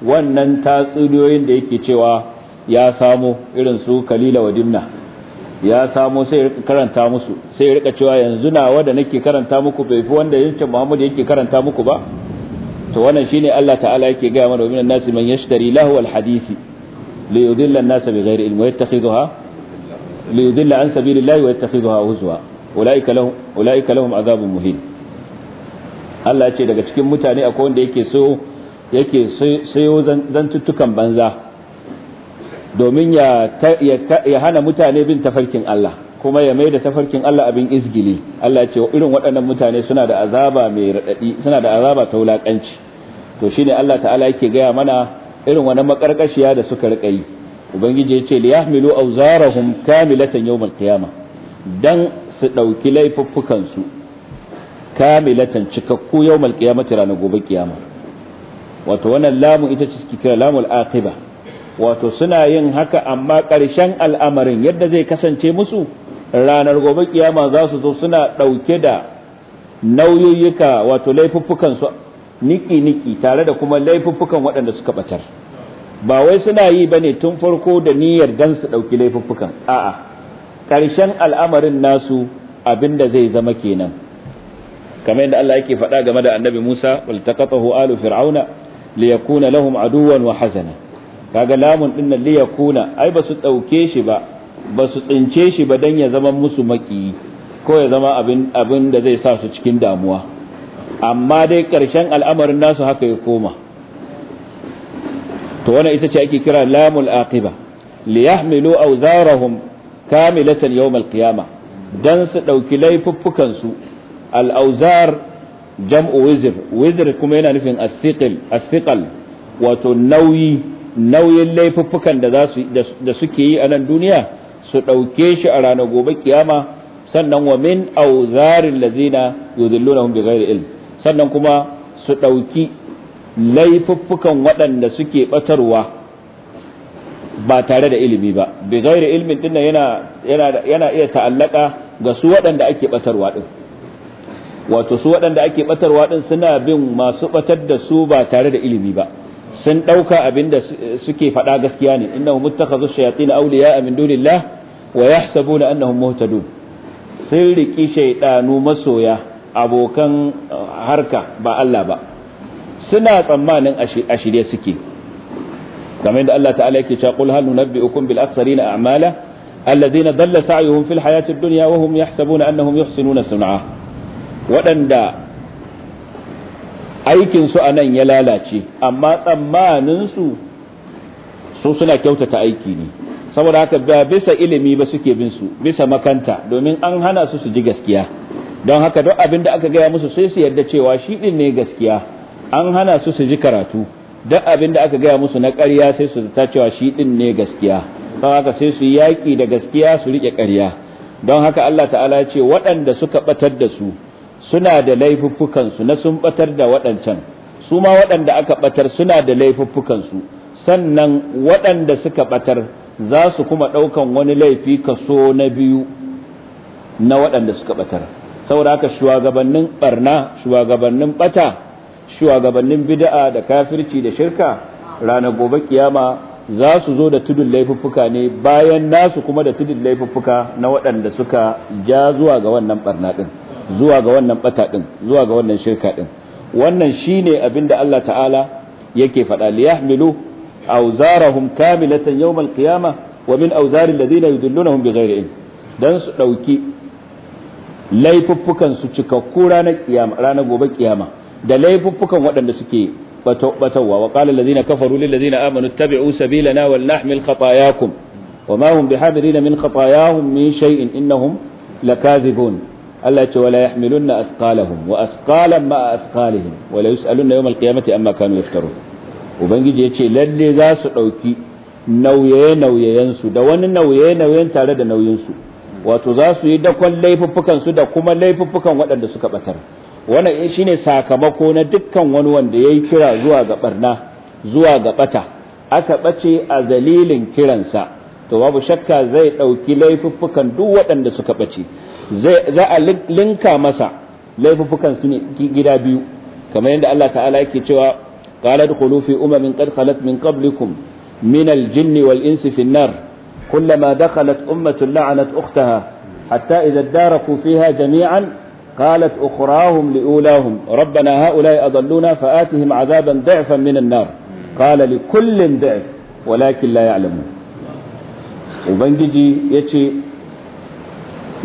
wannan tatsuniyoyin da yake cewa ya samo irin su kalila wa dinna ya samu sai rika karanta musu sai ya rika cewa yanzu nawa da nake karanta muku bai fi wanda yancin Muhammad yake karanta muku ba to wannan shine Allah ta'ala yake ga mana minan nasi man yashtari lahu al hadisi li yudilla an-nas bi ghairi ilmi wa yattakhidha li yudilla an sabilillahi wa yattakhidha uzwa ulaika lahum ulaika lahum adhabun muhin Allah ya ce daga cikin mutane akwai wanda yake so yake sayo zantuttukan banza domin ya hana mutane bin tafarkin Allah kuma ya mai da tafarkin Allah abin izgili Allah ce irin waɗannan mutane suna da azaba mai raɗaɗi suna da azaba ta wulaƙanci to shi ne Allah ta'ala yake gaya mana irin wani makarƙashiya da suka riƙa ubangiji ya ce li yahmilu awzarahum kamilatan yawmal qiyama dan su ɗauki laifuffukan su kamilatan cikakku yawmal qiyamati ranar gobe kiyama wato wannan lamu ita ce suke kira lamul aqiba wato suna yin haka amma ƙarshen al'amarin yadda zai kasance musu ranar gobe kiyama za su zo suna ɗauke da nauyoyika wato laifuffukan su niki-niki tare da kuma laifuffukan waɗanda suka batar ba wai suna yi ba ne tun farko da niyyar don su ɗauki laifuffukan a'a ƙarshen al'amarin nasu abin da zai zama kenan kamar yadda Allah yake faɗa game da annabi Musa wal taqatahu alu fir'auna liyakuna lahum aduwan wa hazana kaga lamun din nan liyakuna ai ba su dauke shi ba ba su tsince shi ba dan ya zama musu maki ko ya zama abin abin da zai sa su cikin damuwa amma dai karshen al'amarin nasu haka ya koma to wannan ita ce ake kira lamul aqiba liyahmilu awzarahum kamilatan yawm al dan su dauki laifuffukan su al-awzar jam'u wizr wizr kuma yana nufin as-siqal as-siqal wato nauyi nauyin laifuffukan da za su da suke yi a nan duniya su ɗauke shi a ranar gobe kiyama sannan wa min auzarin lazina yudillunahum bighairi ilm sannan kuma su ɗauki laifuffukan waɗanda suke batarwa ba tare da ilimi ba bighairi ilmin din yana yana yana iya ta'allaka ga su waɗanda ake batarwa din wato su waɗanda ake batarwa din suna bin masu batar da su ba tare da ilimi ba sun ɗauka abinda suke faɗa gaskiya ne inna muttakhadhu shayatin awliya min dunillah wa yahsabuna annahum muhtadun sun riki shaiɗanu masoya abokan uh, harka ba Allah ba suna tsammanin a shirye suke kamar da Allah ta'ala yake cewa qul hal ukun bil na a'mala alladhina dalla sa'yuhum fil hayatid dunya wa hum yahsabuna annahum yuhsinuna sun'a waɗanda aikinsu a nan ya lalace amma tsammaninsu su suna kyautata aiki ne saboda haka ba bisa ilimi ba suke bin su bisa makanta domin an hana su su ji gaskiya don haka duk abin da aka gaya musu sai su yarda cewa shi din ne gaskiya an hana su su ji karatu duk abin da aka gaya musu na ƙarya sai su ta cewa shi din ne gaskiya don haka sai su yaƙi da gaskiya su riƙe ƙarya don haka Allah ta'ala ya ce waɗanda suka ɓatar da su suna da laifuffukansu na sun batar da waɗancan su ma waɗanda aka batar suna da laifuffukansu sannan waɗanda suka batar za su kuma ɗaukan wani laifi kaso na biyu na waɗanda suka batar saboda haka shugabannin barna shugabannin bata shugabannin bida'a da kafirci da shirka ranar gobe kiyama za su zo da tudun laifuffuka ne bayan nasu kuma da tudun laifuffuka na waɗanda suka ja zuwa ga wannan barna ɗin zuwa ga wannan bata din zuwa ga wannan shirka din wannan shine abinda Allah ta'ala yake faɗa liyahmilu awzarahum kamilatan yawmal qiyamah wa min awzaril ladina yudillunahum bighairi ilm dan su dauki laifuffukan su cikakku ranar kiyama ranar gobe kiyama da laifuffukan waɗanda suke batawa wa qala allazina kafaru lil ladina amanu tabi'u sabilana wal nahmil khatayakum وما هم بحاملين من خطاياهم من شيء إنهم لكاذبون Allah ce wala yahmilunna asqalahum wa asqalan ma asqalihim wala yusaluna yawmal qiyamati amma kanu yaftarun ubangiji yace lalle za su dauki nauye nauyayen su da wani nauye nauyen tare da nauyin su wato za su yi dakon laifuffukan su da kuma laifuffukan waɗanda suka batar wannan shine sakamako na dukkan wani wanda yayi kira zuwa ga barna zuwa ga bata aka bace a dalilin kiransa to babu shakka zai dauki laifuffukan duk waɗanda suka bace za a linka masa laifukan su ne gida biyu kamar yadda Allah ta'ala yake cewa qala dkhulu fi umamin qad khalat min qablikum min al-jinn wal insi fi an-nar kullama dakhalat ummatun la'anat ukhtaha hatta idha daraku fiha jami'an qalat قالت أخراهم لأولاهم ربنا هؤلاء أضلونا فآتهم عذابا ضعفا من النار قال لكل da'f walakin la ya'lamun ubangiji yace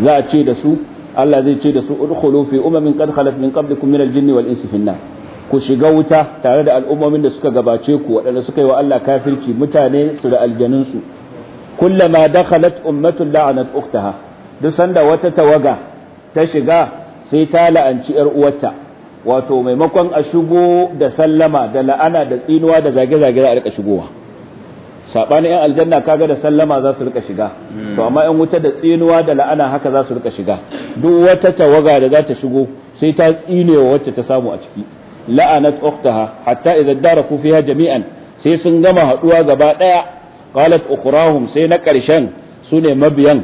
za a ce da su Allah zai ce da su udkhulu fi umamin qad khalat min qablikum min al-jinni wal insi fi ku shiga wuta tare da al'ummomin da suka gabace ku waɗanda suka yi wa Allah kafirci mutane su da aljanun su kullama dakhalat ummatun la'anat ukhtaha duk sanda wata tawaga ta shiga sai ta la'anci yar uwarta wato maimakon a shigo da sallama da la'ana da tsinuwa da zage-zage za a rika shigowa sabanin yan aljanna kaga da sallama za su rika shiga hmm. to amma yan wuta da tsinuwa da la'ana haka za su rika shiga duk wata tawaga da za ta shigo sai ta wa wacce ta samu a ciki la'anat ukhtaha hatta idza daraku fiha jami'an sai sun gama haduwa gaba daya qalat ukhrahum sai na karshen sune mabiyan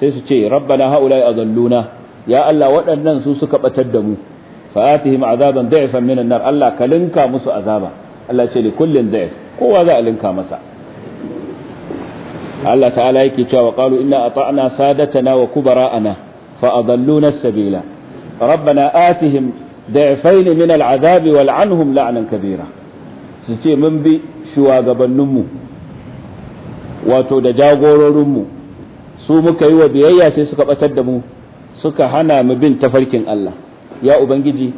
sai su ce rabbana haula'i azalluna ya Allah waɗannan su suka batar da mu fa'atihim azaban da'ifan minan nar Allah ka linka musu azaba Allah ce li kullin da'if kowa za a linka masa Allah ta'ala yake cewa qalu inna ata'na sadatana wa kubara'ana fa adalluna as-sabila rabbana atihim da'fayn min al-'adhab wal'anhum la'nan kabira su ce mun bi shugabanninmu wato da jagororinmu su muka yi wa biyayya sai suka batar da mu suka hana mu bin tafarkin Allah ya ubangiji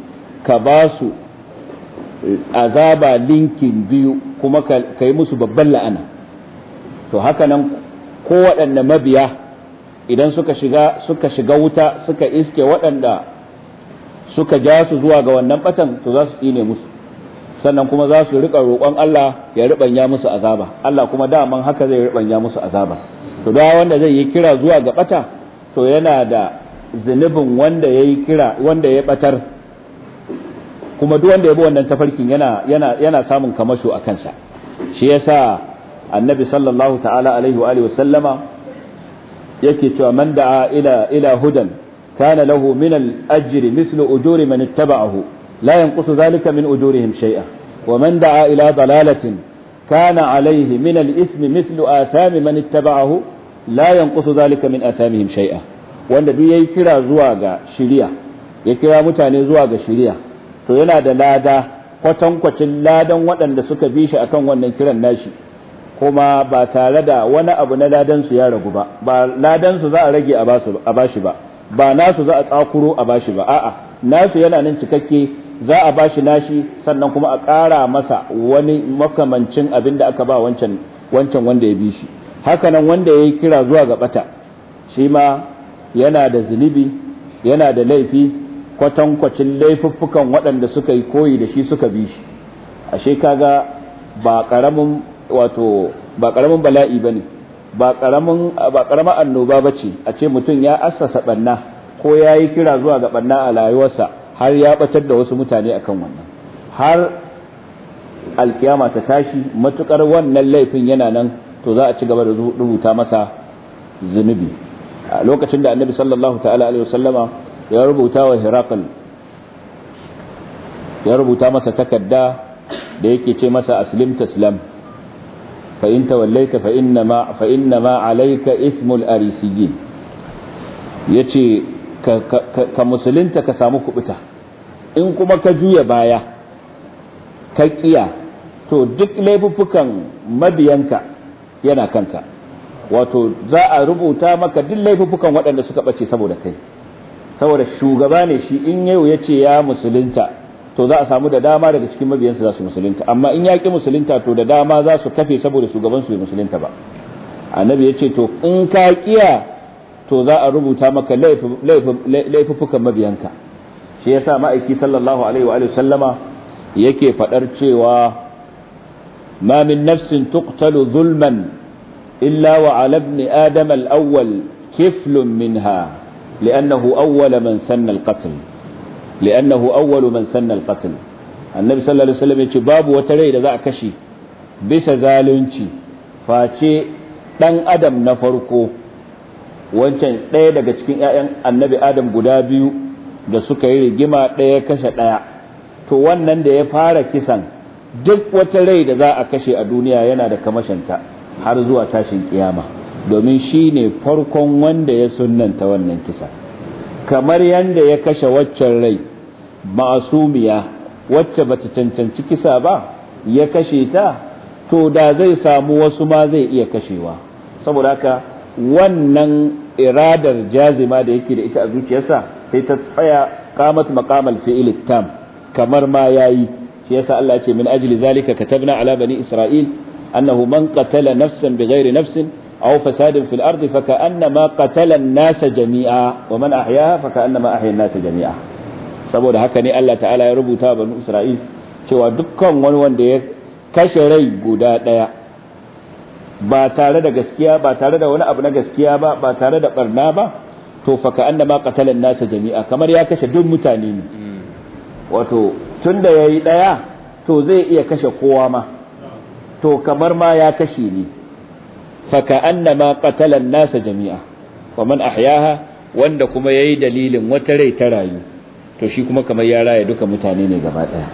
ka ba su azaba linkin biyu kuma ka yi musu babban la'ana to haka nan ko waɗanda mabiya idan suka shiga suka shiga wuta suka iske waɗanda suka ja su zuwa ga wannan batan to za su tsine musu sannan kuma za su riƙa roƙon Allah ya riɓanya musu azaba Allah kuma daman haka zai riɓanya musu azaba to da wanda zai yi kira zuwa ga bata to yana da zunubin wanda ya yi kira wanda ya batar kuma duk wanda ya bi wannan tafarkin yana yana yana samun kamasho a kansa shi yasa annabi sallallahu ta'ala alaihi wa alihi wasallama yake cewa man da'a ila ila hudan kana lahu min al-ajri mithlu ujuri man ittaba'ahu la yanqusu dhalika min ujurihim shay'a wa man da'a ila dalalatin kana alaihi min al-ithmi mithlu athami man ittaba'ahu la yanqusu dhalika min athamihim shay'a wanda duk yayi kira zuwa ga shiriya ya kira mutane zuwa ga shiriya to yana da lada kwatankwacin ladan waɗanda suka bi shi akan wannan kiran nashi kuma ba tare da wani abu na ladansu ya ragu ba ba ladansu za a rage a bashi ba ba nasu za a tsakuro a bashi ba a'a nasu yana nan cikakke za a bashi nashi sannan kuma a ƙara masa wani makamancin abin da aka ba wancan wancan wanda ya bi shi haka nan wanda ya yi kira zuwa ga bata shi ma yana da zunubi yana da laifi kwatankwacin laifuffukan waɗanda suka yi koyi da shi suka bi shi ashe kaga ba ƙaramin wato ba karamin bala'i bane ba karamin ba karamar annoba bace a ce mutum ya assasa banna ko ya yi kira zuwa ga banna a rayuwarsa har ya batar da wasu mutane akan wannan har alkiyama ta tashi matukar wannan laifin yana nan to za a ci gaba da rubuta masa zunubi a lokacin da annabi sallallahu ta'ala alaihi wasallama ya rubuta wa hiraqal ya rubuta masa takarda da yake ce masa aslim taslam فإن توليت فإنما, فإنما عليك إثم الأريسيين يتي كمسلين تكسامو كبتا إن كما كجوية بايا كيكيا تو دك ليبفكا مبينك ينا كنك wato za a rubuta maka duk laifukan waɗanda suka ɓace saboda kai saboda shugaba ne shi in yau ya ce ya musulunta to za a samu da dama daga cikin mabiyansa za su musulunta amma in ya ki musulunta to da dama za su kafe saboda shugaban su musulunta ba annabi ya ce to in ka kiya to za a rubuta maka laifuffukan mabiyanka shi yasa ma'aiki sallallahu alaihi wa sallama yake fadar cewa ma min nafsin tuqtalu zulman illa wa ala ibn adam al-awwal kiflun minha li'annahu awwala man sanna al-qatl li'annahu awwalu man sanna al-qatl annabi sallallahu alaihi wasallam yace babu wata rai da za a kashe bisa zalunci face dan adam na farko wancan ɗaya daga cikin ƴaƴan annabi adam guda biyu da suka yi rigima ɗaya kashe ɗaya to wannan da ya fara kisan duk wata rai da za a kashe a duniya yana da kamashinta har zuwa tashin kiyama domin shi ne farkon wanda ya sunnanta wannan kisa kamar yadda ya kashe waccan rai ma'asumiya wacce bata cancanci kisa ba ya kashe ta to da zai samu wasu ma zai iya kashewa saboda haka wannan iradar jazima da yake da ita a zuciyarsa sai ta tsaya qamat maqamal fi'il tam kamar ma yayi shi yasa Allah ya ce min ajli zalika katabna ala bani isra'il annahu man qatala nafsan bighairi nafsin أو فساد في الأرض فكأنما قتل الناس جميعا ومن أحياها فكأنما أحيا nasa jami'a. saboda haka ne Allah ta'ala ya rubuta banu Isra'il cewa dukkan wani wanda ya kashe rai guda ɗaya ba tare da gaskiya ba tare da wani abu na gaskiya ba ba tare da barna ba to fa ka annama qatalan nasa jami'a kamar ya kashe duk mutane ne wato tunda yayi ɗaya to zai iya kashe kowa ma to kamar ma ya kashe ne fa ka annama qatalan nasa jami'a wa man ahyaha wanda kuma yayi dalilin wata rai ta rayu to shi kuma kamar ya raya duka mutane ne gaba ɗaya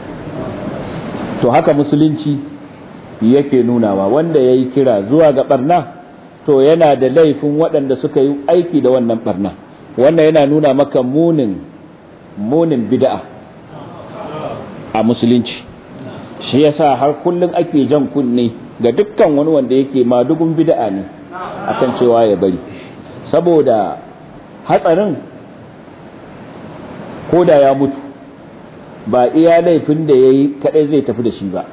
to haka musulunci yake nunawa wanda ya yi kira zuwa ga barna to yana da laifin waɗanda suka yi aiki da wannan barna wannan yana nuna maka munin munin bid'a a musulunci shi yasa har kullum ake jan kunne ga dukkan wani wanda yake ma dugun bid'a ne akan cewa ya bari saboda hatsarin ko da ya mutu ba iya laifin da ya yi kaɗai zai tafi da shi ba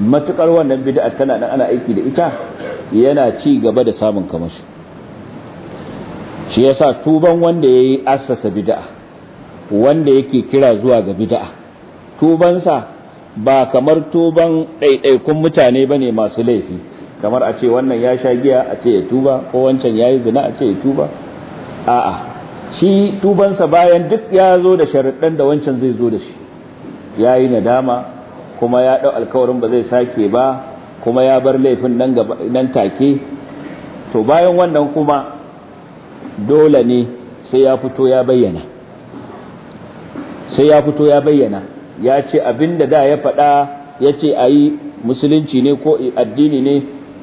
matukar wannan bid'a tana nan ana aiki da ita yana ci gaba da samun kamar shi ya yasa tuban wanda ya yi assasa bid'a wanda yake kira zuwa ga bid'a tubansa ba kamar tuban ɗaiɗaikun mutane bane masu laifi kamar a ce wannan ya sha giya a ce ya tuba ko wancan ya yi zina a ce ya tuba a'a shi tubansa bayan duk ya zo da sharaɗan da wancan zai zo da shi ya yi nadama kuma ya ɗau alkawarin ba zai sake ba kuma ya bar laifin nan take to bayan wannan kuma dole ne sai ya fito ya bayyana sai ya fito ya bayyana ya ce abin da da ya faɗa ya ce a yi musulunci ne ko addini ne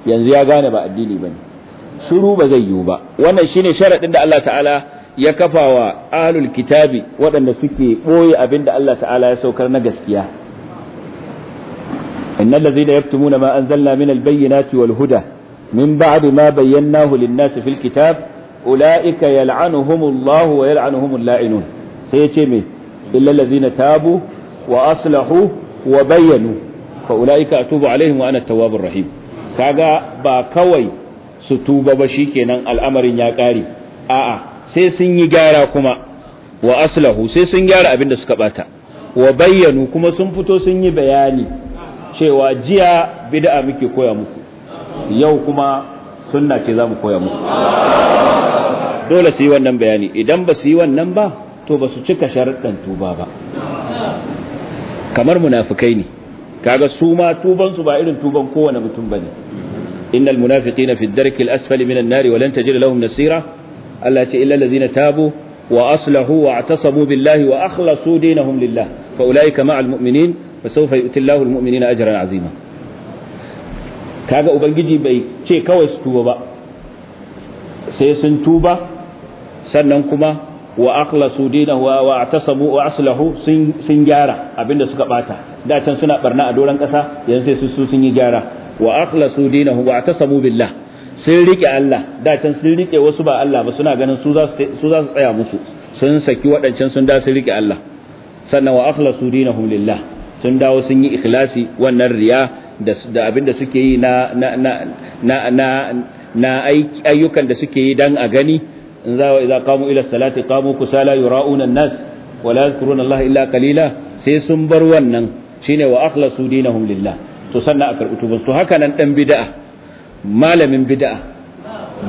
yanzu ya gane ba addini ba ne shiru ba zai yiwu ba wannan shine sharaɗin da Allah ta'ala ya kafa wa ahlul kitabi waɗanda suke ɓoye abin da Allah ta'ala ya saukar na gaskiya inna yaftu yaktumuna ma anzalna min albayyinati wal huda min ba'di ma bayyanahu lin-nasi fil kitab ulaika yal'anuhumullahu wa yal'anuhumul la'inun sai yace me illa allazina tabu wa aslahu wa bayyanu fa ulaika atubu alaihim wa ana at rahim kaga ba kawai su tuba ba shi kenan al'amarin ya ƙare a'a sai sun yi gyara kuma wa aslahu sai sun gyara abin da suka bata wa bayyanu kuma sun fito sun yi bayani cewa jiya bid'a muke koya muku yau kuma sunna ce za koya muku dole su yi wannan bayani idan ba su yi wannan ba to ba su cika sharaddan tuba ba kamar munafikai ne kaga su ma tuban su ba irin tuban kowane mutum bane innal munafiqina fi ad-darki al-asfali min an-nar wa lan tajid lahum nasira Allah ce illal ladzina tabu wa aslahu wa atasamu billahi wa akhlasu dinahum lillah fa ulaika ma'al mu'minin fa sawfa yu'ti Allahu al-mu'minina ajran 'azima kaga ubangiji bai ce kawai su tuba ba sai sun tuba sannan kuma wa akhlasu dinahu wa atasamu wa aslahu sun sun gyara abinda suka bata da can suna barna a doran kasa yanzu sai su sun yi gyara wa akhlasu dinahu wa atasamu billah sun riƙe Allah da can sun riƙe wasu ba Allah ba suna ganin su za su tsaya musu sun saki waɗancan sun da sun rike Allah sannan wa su dinahum lillah sun dawo sun yi ikhlasi wannan riya da abin da suke yi na na na na ayyukan da suke yi dan a gani in za wa idza qamu ila salati qamu kusala yura'una an-nas wa la yadhkuruna Allah illa qalila sai sun bar wannan shine wa su dinahum lillah to sannan a karɓi tubansu haka nan ɗan bida'a malamin bid'a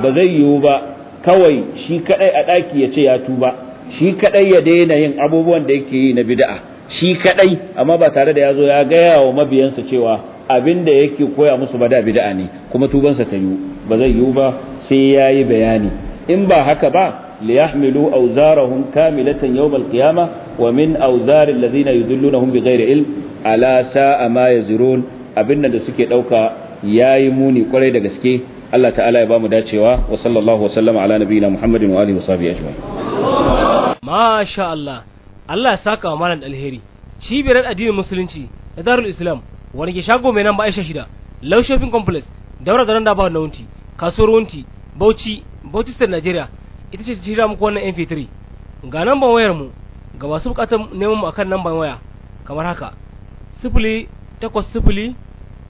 ba zai yiwu ba kawai shi kadai a ɗaki ya ce ya tuba shi kadai ya daina yin abubuwan da yake yi na bid'a shi kadai amma ba tare da ya zo ya gaya wa mabiyansa cewa abin da yake koya musu ba da bid'a ne kuma tubansa ta yiwu ba zai yiwu ba sai ya yi bayani in ba haka ba liyahmilu awzarahum kamilatan qiyamah wa min awzar alladhina yudhillunahum bighayri ilm ala sa'a ma yazirun abin da suke dauka ya yi muni kwarai da gaske Allah ta'ala ya mu dacewa wa sallallahu wasallama ala na Muhammadin wa alihi sahbihi ajma'in masha Allah Allah ya saka wa malam alheri cibiyar addinin musulunci da darul islam wani ke shago mai nan ba aisha shida low shopping complex daura da randa ba na wunti kasuwar wunti bauchi bauchi state nigeria ita ce jira muku wannan mp3 ga namban wayar mu ga masu bukatar neman mu akan namban waya kamar haka sifili takwas sifili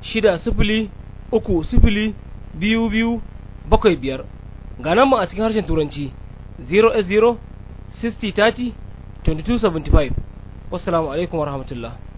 shida sifili uku sifili biyu biyu bakwai biyar ga nan mu a cikin harshen turanci 0S0 60 30 2275 wassalamu alaikum rahmatullah